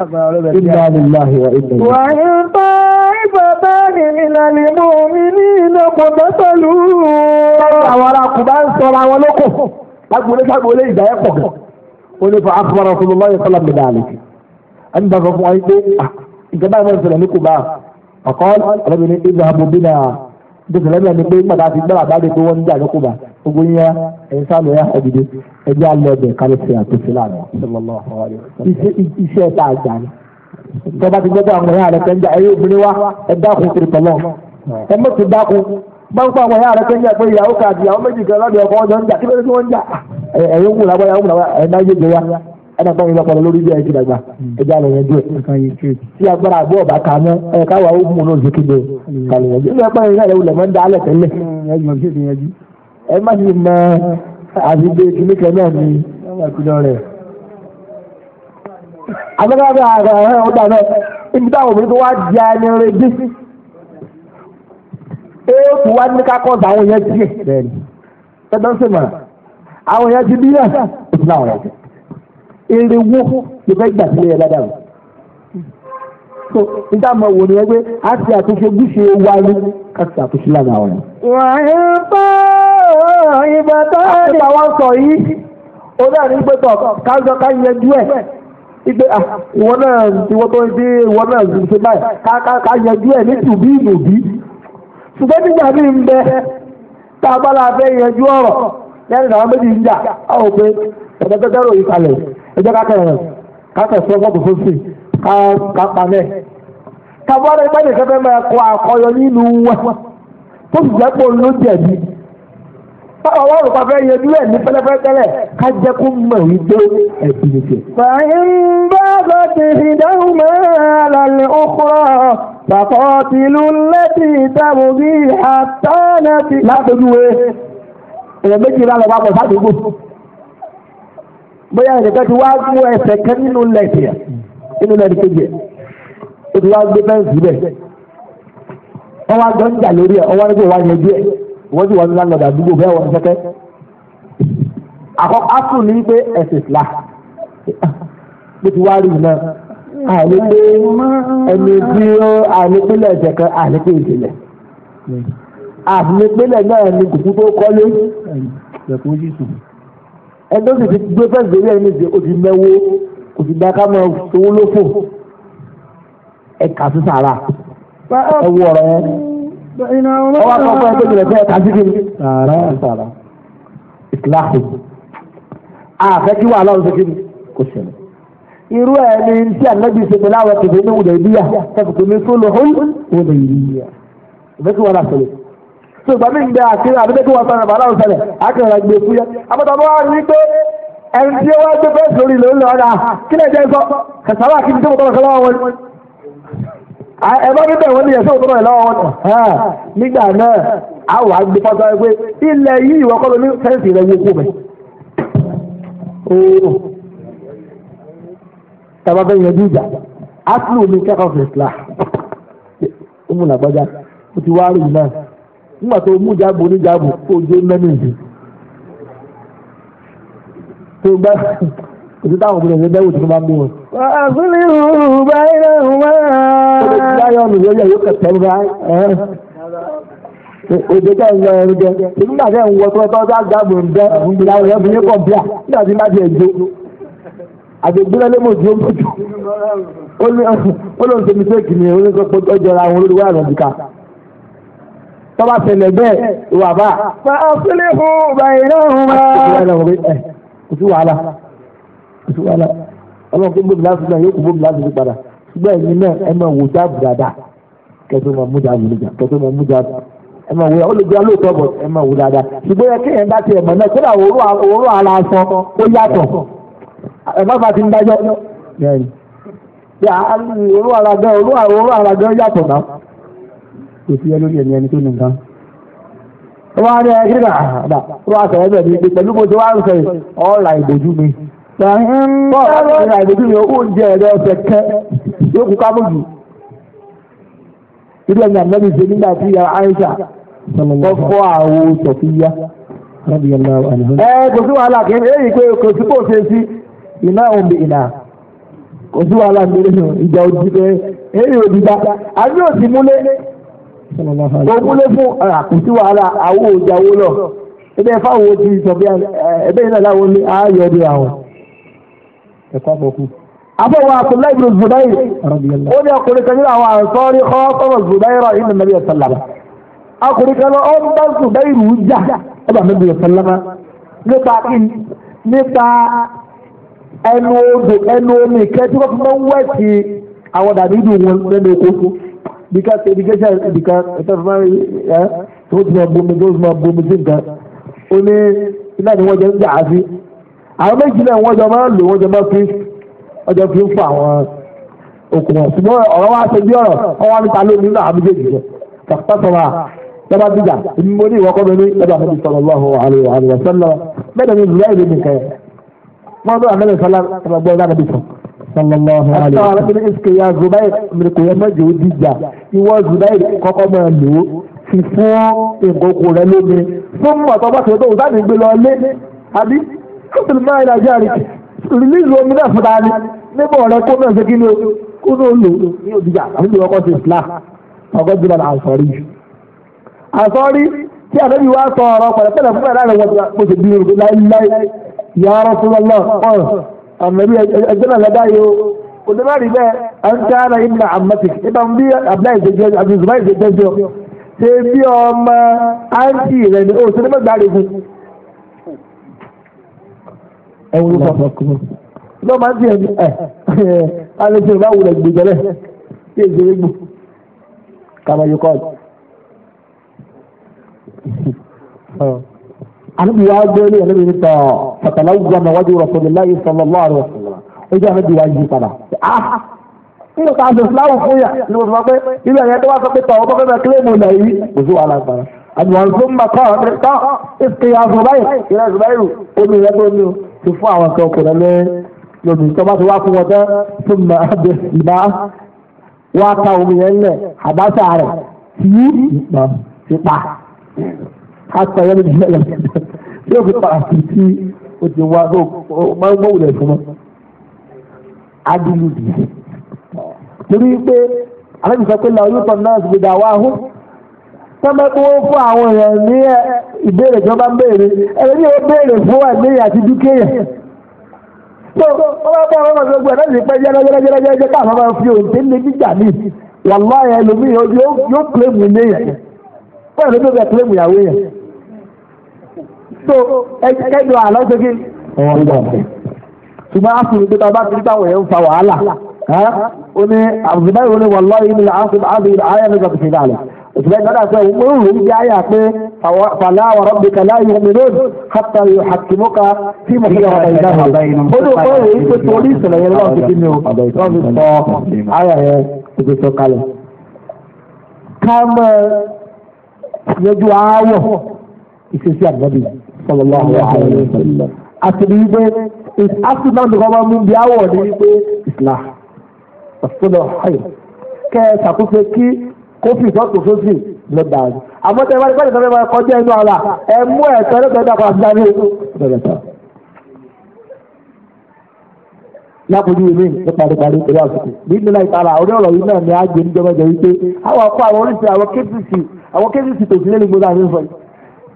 إنا لله وإنا إليه وإن طائفتان من المؤمنين اقتتلوا àwọn ará kùbá ń sọ̀rọ̀ àwọn lóko lágbóolé lágbóolé ìgbà yẹn pọ̀ gan ó ní fa akbar rasulullah yẹn sọlá mìíràn àlè ẹni bá sọ fún wa yìí pé ìjọba yẹn mọ̀ ní sọlá ní kùbá ọ̀kọ́ ọ̀rẹ́bìnrin ibi àbòbí náà gbèsè lẹ́nu ẹni pé gbàdá ti gbàdá bá dé pé wọ́n ń jà lókùbà gbogbo yẹn ẹ̀yin sáà lóya ẹ̀dìdì ẹ̀dí alẹ́ ọbẹ̀ kálí ṣe àtúnṣe lánàá. iṣẹ́ tá a gbà ni. tọ́ba ti gbọ́dọ̀ àwọn ẹ̀yà rẹ̀ tẹ́ ń jà ẹ̀yẹ obìnrin wa ẹ̀ dákun kiri tọ́lọ̀ ẹ̀ mọ̀ ti dákun gbọ́npọ̀ àwọn ẹ̀yà rẹ̀ tẹ́ ń jà pé ìyàwó kàdì ìyàwó méjì kan lọ́dọ̀ ọkọ̀ ọjọ́ ń ń jà ẹ̀yẹ ẹnì kan yìí lọ́pọ̀lọ́ lórí bí hmm. ẹ ti dàgbà ẹja lọ yẹn díẹ̀ tí agbára àbọ̀ ọ̀bà kà mọ́ ẹ káwa ó mú un lóṣù kíndé kàlù yẹn díẹ̀ pẹ́ yìí náà lẹ́wọ̀lẹ̀ mọ́ ń da alẹ̀ tẹ́lẹ̀ hmm. ẹ má ti mọ àfidé kìnnìkan náà ni agbẹ́gbẹ́ àgbà ẹ̀hẹ́ ọ̀dà náà ibi táwọn obìnrin tó wá di ẹni rẹ̀ dé èèkù wá ní kákọ́ọ̀tù àwọn yẹn díẹ̀ ẹ̀dọ́sẹ̀mọ̀ àwọn yẹn ti bí náà ó ti láwọn yẹn jẹ́ irewó ló fẹ́ gbà sílẹ̀ yẹn ládàá so nígbà máa wò ni ẹ pé a ti àtúnṣe gúúsù wa ni ká ti àtúnṣe lánàá wọn. wàá pọ́ ìbátan ni. àti àwọn sọ yìí ó náà ní pẹ́tọ̀ kájọ ká yẹjú ẹ̀ ìgbé ìwọ náà ìwọ tó ń dé ìwọ náà ṣe báyìí ká yẹjú ẹ̀ ní tùbí ìnùbí ṣùgbọ́n nígbà mí ń bẹ tá a bá la fẹ́ yẹjú ọ̀rọ̀ lẹ́yìn àwọn méjì ń jà á pé ọ̀dọ́dọ́dọ́rọ̀ yìí kalẹ̀ ẹjọ́ kákẹ́rẹ́ kákẹ́ sọ́kọ́ tó fún sí kápá náà tàbí wọn gbọ́dọ̀ kẹ́kẹ́ máa kọ àkọyọ nínú wa tó sì jẹ́ pé ló jẹ̀bi báwo wọ́n rò pàfẹ́ yẹn dúró ẹ̀ ní pẹ́lẹ́pẹ́lẹ́ tẹ́lẹ̀ ká jẹ́ kó mọ̀ wípé ẹ̀bí ni jẹ. fàyín bá bá ti fi dáhùn máa lálẹ́ òkúrọ̀ bàbá tìlú lẹ́tì ìdáàbò bíi àtàlẹ́tì. látọjú wẹ ẹ̀rọ méjìlá lọ bá pọ̀ sádùúgbò bóyá ẹnìkan ti wá mú ẹsẹ̀ kan nínú lẹ́ẹ̀kì ẹ̀ nínú lẹ́ẹ̀kì kejì O ó ti wá gbé fẹ́ǹsì bẹ̀ wọ́n wá jọ ń jà lórí ẹ̀ wọ́n wá ní kó wá yẹn díẹ̀ wọ́n sì wá ní lánàá àdúgbò bẹ́ẹ̀ wọ́n sẹ́kẹ́ àkọ́ áfù ní pé ẹ̀sìn ìlà bó ti wá rí iná àní pé ẹni tí ó àní pínlẹ̀ ẹ̀sẹ̀ kan àní pé ìṣẹ̀lẹ̀ àní pínlẹ̀ náà ni kùkú ẹni tó sì ti gbé fẹ́ gbèrè ẹni ṣe o ti mẹ́wó kò sì dá ká máa sowó lófò ẹ kà sí sàrà ẹ wọ ọ̀rọ̀ yẹn ọwọ́ akọ́kọ́ ẹgbẹ́ ìrẹsì ẹ kà sí kí ni sàrà ìtìláhùn àfẹ́kí wàhálà ọ̀sẹ̀ kí ni kò ṣẹlẹ̀ irú ẹ̀ ní tí ànábì ṣètò láwọn kìfẹ́ ní wùdẹ̀ ìbíyà kẹfùkù ní sólò hólù wùdẹ̀ ìbíyà ìbẹ́kí wọn làṣẹlẹ̀. tó ìgbà mí ń bẹ àkéré àbíbẹ́ kí wọ́n bàálà òsàlẹ̀ àkàrà gbé fúyẹ́ àbọ̀tàbọ̀ wà ní pé ẹni tí ó wá gbé fẹ́ sórí lòún lọ ọ̀dà kí lè jẹ́ sọ kí n tó wọn. òtọ́ lọ́wọ́ wọn. nígbà náà a wà gbé pátá pé ilẹ̀ yìí ìwọ kọ́ ló ní rẹ̀ wó nígbà tó mú jáàbù oníjáàbù kó jẹ́ mẹ́mìlì tó gbá òtún táwọn obìnrin ẹ̀yẹ bẹ́wò tí wọ́n bá mú wọn. àbúlé òun bá yẹ wá. ó lè ti láyọ̀ ọ̀nà ìyẹ́yẹ́ yóò kẹ̀kẹ́ ń bá ẹ́ òde tẹ ń lọ ẹrú jẹ èmi náà fẹ́ ń wọ tó tọ́ tá gbàgbó ń bẹ ìlà rẹ̀ fún yín kọ̀m̀pìà nígbà tí má ti ẹ̀ jó àgbègbè lẹ́mọ̀ tí ó ń bójú ó lóun ṣe mi sí èkìní ó ní kó ọjọ́ ra àwọn olórí wà lọ́dún ká tọ́ba ṣẹlẹ̀ bẹ́ẹ̀ ìwà bá. fa afúlé fún bàyìnà ọ̀húnmá. kò sí wàhálà kò sí wàhálà ọlọ́run kó gbóbi láti náà yóò kó gbóbi láti padà ṣùgbọ́n ẹ̀yin náà ẹ máa wò jáàbù dáadáa kẹtọ́ máa mú jáàbù níjà kẹtọ́ máa mú jáàbù ẹ máa wò ó lè jẹ́ lóòótọ́ bọ̀ ẹ máa wò dáadáa ṣùgbọ́n ẹ kéèyàn bá tiẹ̀ mọ̀ náà kódà òórùn ara sọ ó yàtọ̀ ẹ̀ má fa ti ń dájọ́ bí òórùn ara gan òórùn ara gan yàtọ̀ náà kò sí ẹ lórí ẹ̀mí ẹni tó nìkan. wọ́n á rí ẹ ṣé náà àdá tó wàá sọ̀rọ̀ bẹ́ẹ̀ ni pé pẹ̀lú mo ti wá ń sọ yìí ọ̀la ìbòjú mi. ọ̀la ìbòjú mi oúnjẹ rẹ̀ ọ̀sẹ̀ kẹ́ yóò kú kábòjù. ilé ẹ̀mí ànábì ṣe nígbà tí ìyá Aisha kọ́kọ́ àwo sọ̀fíyá. ẹ kò sí wàhálà kí èyí pé kò sí kò ṣe sí iná òun bì iná kò sí wàhálà nínú ìjà òjì pé èyí ò ogún lé fún àkùtì wàhálà àwọn òjàwó lọ ebe fáwọn ojú ìsọ̀bí ẹbẹ́ yìí náà láwọn ní ààyè ọdún àwọn. ẹ̀kọ́ àbọ̀kù. afọwọ́ abdullahi ibn zubair ó ní ọkùnrin kan nínú àwọn àǹsọ́rí kọ́ tọ́wọ́ zubair rọ inú nàbí ọ̀sálàmà ọkùnrin kan ó ń bá zubair rú jà ọba nàbí ọ̀sálàmà nípa nípa ẹnu odò ẹnu omi kẹ́tí wọ́n fi máa ń wẹ̀ sí àwọn dàbí ìdùn wọn lẹ́nu okòókò because education because ẹ̀tọ́ fún mi ẹ̀ tó ti máa bomi tó ti máa bomi sí nǹkan ó ní iná ni wọ́n jẹ́ ń dàá sí àwọn méjì náà wọ́n jọ máa ń lò wọ́n jọ máa fi wọ́n jọ fi ń fa àwọn okùn wọn ṣùgbọ́n ọ̀rọ̀ wa ṣe bí ọ̀rọ̀ wọ́n wá níta lónìí náà àbújá ìjọ kàkútà sọ̀rọ̀ lọ́ba dídà mo ní ìwọ́kọ́ mi ní lọ́ba àmì sallallahu alaihi wa sallam bẹ́ẹ̀ ni ìlú láì lè nìkan yẹn wọ́n bá àmì sọ̀rọ̀ lọ́ba gbọ́ sallallahu alayhi wa sallam. àti àwọn ẹ̀sìnkè ya zubair mìíràn kò yẹ mẹ́jọ ó dìjà ìwọ zubair kọ́kọ́ máa lò ó fi fún nǹkan kò rẹ lómi fún mọ̀tọ́ bá tẹ̀lé tó wù sáà gbé lọ lé àbí kóòtù máa ń ajá rí rìlíìsì omi náà fúnra ni níbo ọ̀rẹ́ kó náà ṣe kí ni kó náà lò ní òdìjà àbí ìwọ sí islam ọgọ́ jùlọ náà àsọ̀rí àsọ̀rí tí àdébí wa sọ ọ̀rọ̀ pẹ̀lẹ́pẹ̀lẹ́ fún ẹ̀rọ àwọn ọmọ tó ṣe bí láíláí yàrá fúnra náà àmàlí ẹjọ́ náà lọ́dá yìí o kò tó bá rí bẹ́ẹ̀ à ń ká ara ibùdó àmọ́tì ibà ń bí abdullahi ṣèjọ́ abdulzubai ṣèjọ́ jọ ṣe bí ọmọ àǹtí rẹ̀ ni o sinimá gbà rẹ̀ fún. ẹ wúlò fún ọkùnrin lọ́ọ́ máa ń tiẹ̀ ní ẹ̀ ẹ̀ alẹ́ tí o bá wulẹ̀ gbèjọ́lẹ̀ kí anabi wa gbẹlẹ anabi ni tọ fatalawu gbọmọ wájú rasulillahi sallallahu alaihi wasallam ó jẹ anabi wa jí padà ah nínú ká ṣe fúláwù fún yà ní mo sọ pé ilé ẹ̀yẹ tó wá sọ pé tọ̀ ọ́ bọ́fẹ́ bẹ́ẹ̀ kílẹ̀mù ilẹ̀ yìí kò sí wàhálà gbára àdùnwọ̀n tó ń bà kọ́ ọ́ tọ́ ìsìnkè ya zùbáyì ìrẹ́ zùbáyì rù omi rẹ tó ní o ti fún àwọn kan kò lẹ́lẹ́ lómi tó bá ti wá fún wọn tán tó mọ abẹ ìbá wá ta omi yẹn lẹ̀ àbáṣà rẹ̀ tì í ìpa ìpa yóò fi pa àti tí o ti wá tó máa ń gbóhùn ẹ̀fọ́ mọ́ adúlù bì í torí pé alábi sọ pé lọ́ọ́ yóò tọ́ náà ti dà wá hó tọ́mọ́tò ó fún àwọn èèyàn ní ìbéèrè tí wọ́n bá ń béèrè ẹ̀rọ ní o béèrè fún àìmíyà àti dúkìá tó wọ́n bá bá wọn lọ́gbọ̀n náà sì pẹ́ jẹ́rẹ́jẹ́rẹ́jẹ́ káwọn máa fi òǹtẹ̀ yóò kílèmù ilé yẹn fún ẹ̀rọ bẹ̀ kílèmù ìyàwó yẹn so kẹ́jọ àlọ́ ṣe kí wọ́n gbà bẹ́ẹ̀. ṣùgbọ́n a fún mi pé tá a bá ti gbà wọ̀ ẹ́ ń fa wàhálà ó ní àbùsùnbá ìwé ni wàlọ́ yìí ni àásùn àbí àyà ní ìjọba ìṣẹ̀lẹ̀ àlẹ́ òṣùpá ìgbàdà sọ ìwé òun lòún jẹ́ àyà pé fàlà àwọn ọ̀rọ̀ bìkà láàyè omi lónìí hàtà yóò hàkìmọ́ka tí mo fi ọ̀rọ̀ ìdá rẹ̀ ó ní òpó èyí pé torí ìṣẹ̀lẹ̀ yẹn lọ́wọ́ fi ní o lọ́wọ́ fi sọ sallallahu alayhi wa sallam àti ní wípé asinan nìkan máa mú bí awọ ní wípé islam ọ̀sọ́dọ̀ ọ̀hìn kẹ́ ẹ ṣàkóso kí kófì sọ́tò sósì ló dáa ni àmọ́ tẹ́ wá ní pẹ́ẹ́lí sọ́fẹ́ máa kọjá inú ara ẹ mú ẹ̀tọ́ ẹlẹ́tọ́ ẹ̀dá kan sílẹ̀ ní lápòjú ìlú ní paríparí pẹ̀lú àsìkò nínú láì tara orí ọ̀rọ̀ yìí náà ni a gbé níjọba jẹ wípé àwọn akọ àwọn oríṣi àwọn kébìsì àwọn kébìsì tòsílẹ̀ ní gbọdọ̀ àti ìfọ̀yì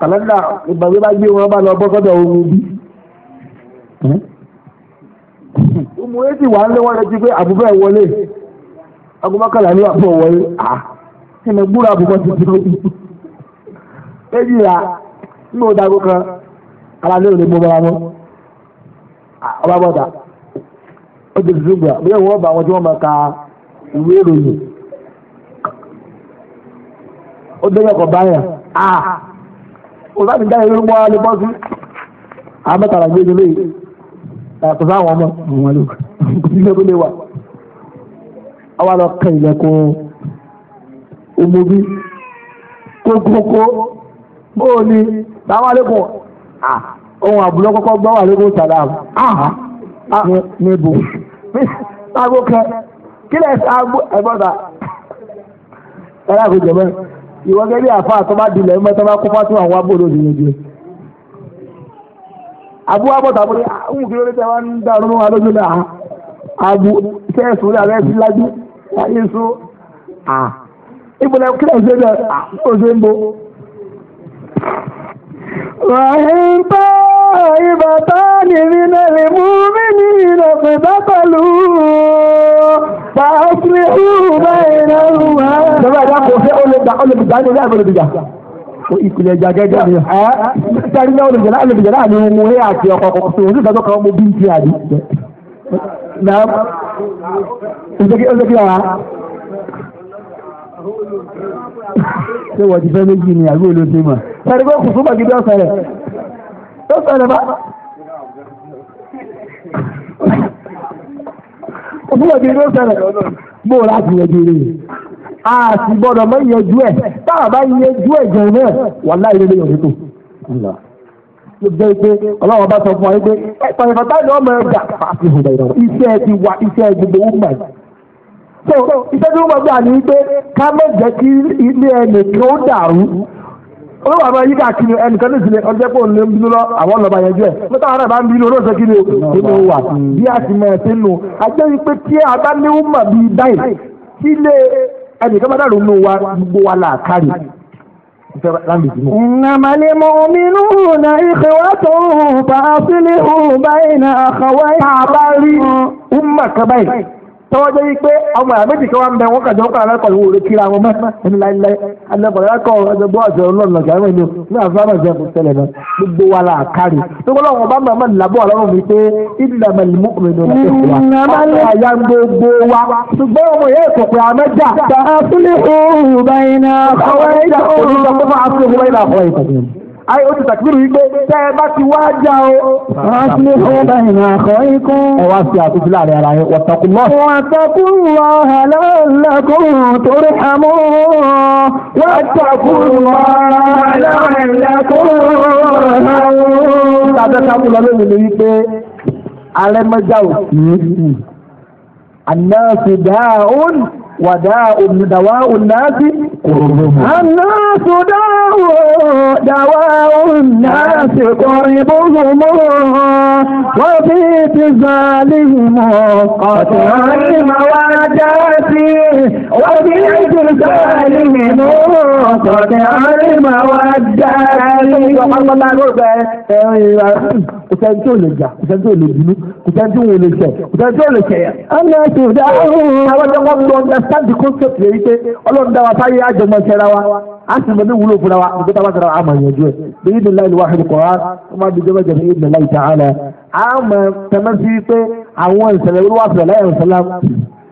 kàlẹ́ndà ìgbàgbé bá gbé wọn bá lọ bọ́sọ́dọ̀ ohun bí. ọmọ yẹn ti wà ń lé wọn lọ sí pé àbúrò ẹ̀ wọlé agbọ́mọkànlá ní àbúrò wọlé à ẹnì gbúra àbúrò ti dúró. èjìlá nínú ìdágó kan ara ní òní gbogbo ara mọ́ ọba bọ́dà ó ti dùdú gbà bí wọ́n bá wọn tí wọ́n máa ka ìwé ìròyìn ó dé yọkọ̀ báyà òsáàmì jáde ló gbọ́ alẹ́ bọ́ sí amẹ́tàlá gbé nílé yàtọ̀ sáwọn ọmọ wọn lò nílé tó lè wà àwọn àlọ́ kan ilẹ̀kùn omobi kókókó bóò ni táwọn alẹ́kùn ohun àbúrò kọ́kọ́ gbọ́ wà lóko sàdáàmù níbo táwọn kẹ kílẹ̀ ẹ̀bọ́ta ẹ̀rọ àgùjọ bẹ́ẹ̀ ìwọ gẹ́gẹ́ àfa àtọ́bá dilẹ̀ mọ́ tọ́ba kó fásitì àwọn abúlé òdìyànjú. abu abọ́tà mo ní àwọn ah, òkè lórí tẹ́wọ́n ń dá ọdún wa lójú náà ah, abu sẹ́ẹ̀sì orí alẹ́ sí lájú láyé so ìbùdó kílẹ̀ ṣe bẹ́ẹ̀ ọ̀ṣẹ́ ah, ń bo. ràhìn طائبتان من المؤمنين فبطلوا فأصلحوا بينهما سبع دقوا في أول الدقاء اللي بتعاني لا أقول بجاه ìpìlẹ̀ ìjà gẹ́gẹ́ ni ẹ́ sẹ́ni náà olùjẹ́lá olùjẹ́lá ni mo rí àti ọkọ̀ ọkọ̀ sí ojú ìdájọ́ kan mo bí ti àdí. ó ṣe kí ara ṣé wọ́n ti fẹ́ méjì ni àbí olóde mọ̀ sẹ́ni kó kùsùn bàgídé ọ̀sẹ̀ rẹ̀. Yóò sọ̀rọ̀ bá. Òbúrò ti yóò sọ̀rọ̀. Mo rà á ti yẹjú rè é. A sì gbọ́dọ̀ mọ ìyẹjú ẹ̀. Táà bá yẹjú ẹ̀ jẹun náà, wàhálà ìrẹ́lẹ̀ yọ̀ nítò. Ló jẹ́ pé ọlọ́run bá sọ fún wa pé ẹ̀pọ̀lọpọ̀ táyọ̀ ọmọ ẹ̀ gbà fàáfi hùn dàìdàrọ̀. Iṣẹ́ ti wà iṣẹ́ gbogbo ó gbà. So iṣẹ́ tí wọ́n máa gbà ní pé ká má jẹ́ kí ilé ẹnìkan ó dàrú ó wà máa yí káàkiri ẹnìkan ní ìsinmi ọjọ́ pé òun ló bínú lọ àwọn ọlọ́ba yẹn jẹ́ mọ́tà ara bá ń bínú olóòtú kiri o nínú wa bí a ti mọ̀ ẹ̀sìn nù àjẹ́ wípé tí a bá léwu mọ̀ bí báyìí tí ilé ẹnìkan bá dàrú nù wa gbogbo wa là kárì. إنما المؤمنون إخوة فأصلحوا بين أخوين. tá a bá rí umma kan báyìí tọ́wọ́ jẹ́ wípé ọmọ ìyá méjì kan wá ń bẹ wọ́n kàjọ kọ́ alákọ̀ọ́ ìwò rẹ̀ kíra wọn mẹ́ta ní láíláí alẹ́kọ̀ọ́ alákọ̀ọ́ ọ̀dọ́gbọ́ àti ọlọ́run ọ̀gá ẹ̀rọ ìlú ní àfáàmà ìjẹ́ kò tẹ̀lé náà gbogbo wa la kárí tó kọ́ lọ́wọ́ bá màmá làbọ̀ ọlọ́run mi pé ìdílàmà ìmú òmìnira ọ̀gá ẹ̀kọ́ wa ọ̀gá ayé o ti sàkíbìrì wípé tẹ́ ẹ bá ti wá já o. rásìlẹ̀ fún báyìí náà kọ́ ikú. ẹ wá sí àtúntò láàrin ara yẹn wọ́tọ̀kùn náà. wọ́tọ̀kùn wà hàlálàkùn torí àmú. wọ́tọ̀kùn wà hàlálàkùn. ìtàgé sábà lọ lónìí ni wípé alẹ́ mọ́jà ò sí. àná ṣe dáa ó nì. وداء دواء الناس قربهم الناس داء دواء الناس قربهم وفي تزالهم قطع الموادات وفي تزالهم قطع الموادات kùsẹ́ni tí ò lè jà kùsẹ́ni tí ò lè bínú kùsẹ́ni tí ò lè ṣẹ̀ kùsẹ́ni tí ò lè ṣẹ̀yà. ọ̀nà ìṣèjọba àwọn ọmọ ọmọ ọmọ understand the concept yẹn wípé ọlọ́run dá wa sáyé àjọmọ̀ ṣẹra wa a sì mọ̀ ní wúlò fúnra wa ìgbé tá a bá sọ̀rọ̀ àmọ̀ ìyànjú ẹ̀ bí yìí nílá ìlúwà ìlú kọ̀ọ̀rá wọ́n máa di jẹ́bẹ̀ jẹ́bẹ̀ yìí nílá ìta àlà àmọ̀ tẹ̀mẹ́ sí pé àwọn ìṣẹ̀lẹ̀ olúwa sọ̀rọ̀ láyé ọ̀sán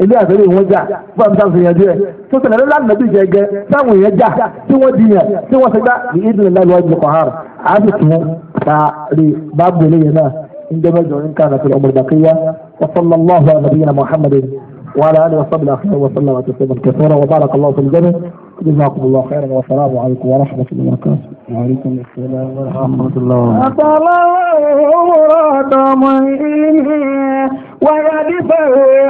ilé àtẹ̀lé wọn jà fún àmì sáfù yẹn díẹ̀ tó tẹ̀lé lọ́la nàbí jẹ́gẹ́ táwọn èèyàn jà tí wọ́n di yẹn tí wọ́n ṣẹgbá ní ìdílé láì lọ́wọ́ ìdílé kọ̀hárù àbí tún ta rí bábù eléyìí náà ń dẹ́gbẹ́jọ nǹkan àti ọmọdé bàkẹ́yà wọ́n sọ́lá lọ́wọ́ àbíyàn muhammadin وعلى اله وصحبه اخيرا وسلم تسليما كثيرا وبارك الله في الجنه جزاكم الله خيرا والسلام عليكم ورحمه الله وبركاته. وعليكم السلام ورحمه الله وبركاته. ويدفع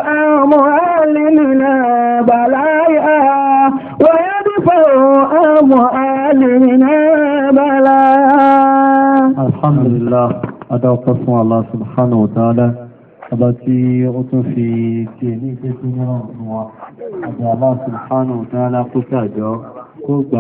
اموال معلمنا بلايا ويدفع اموال معلمنا بلايا. الحمد لله. أدعو قسم الله سبحانه وتعالى ọba tí ó tún fi tí èní ìgbésí náà fún wa àjọ aláàfin hánà tí alákòókè àjọ kó gbà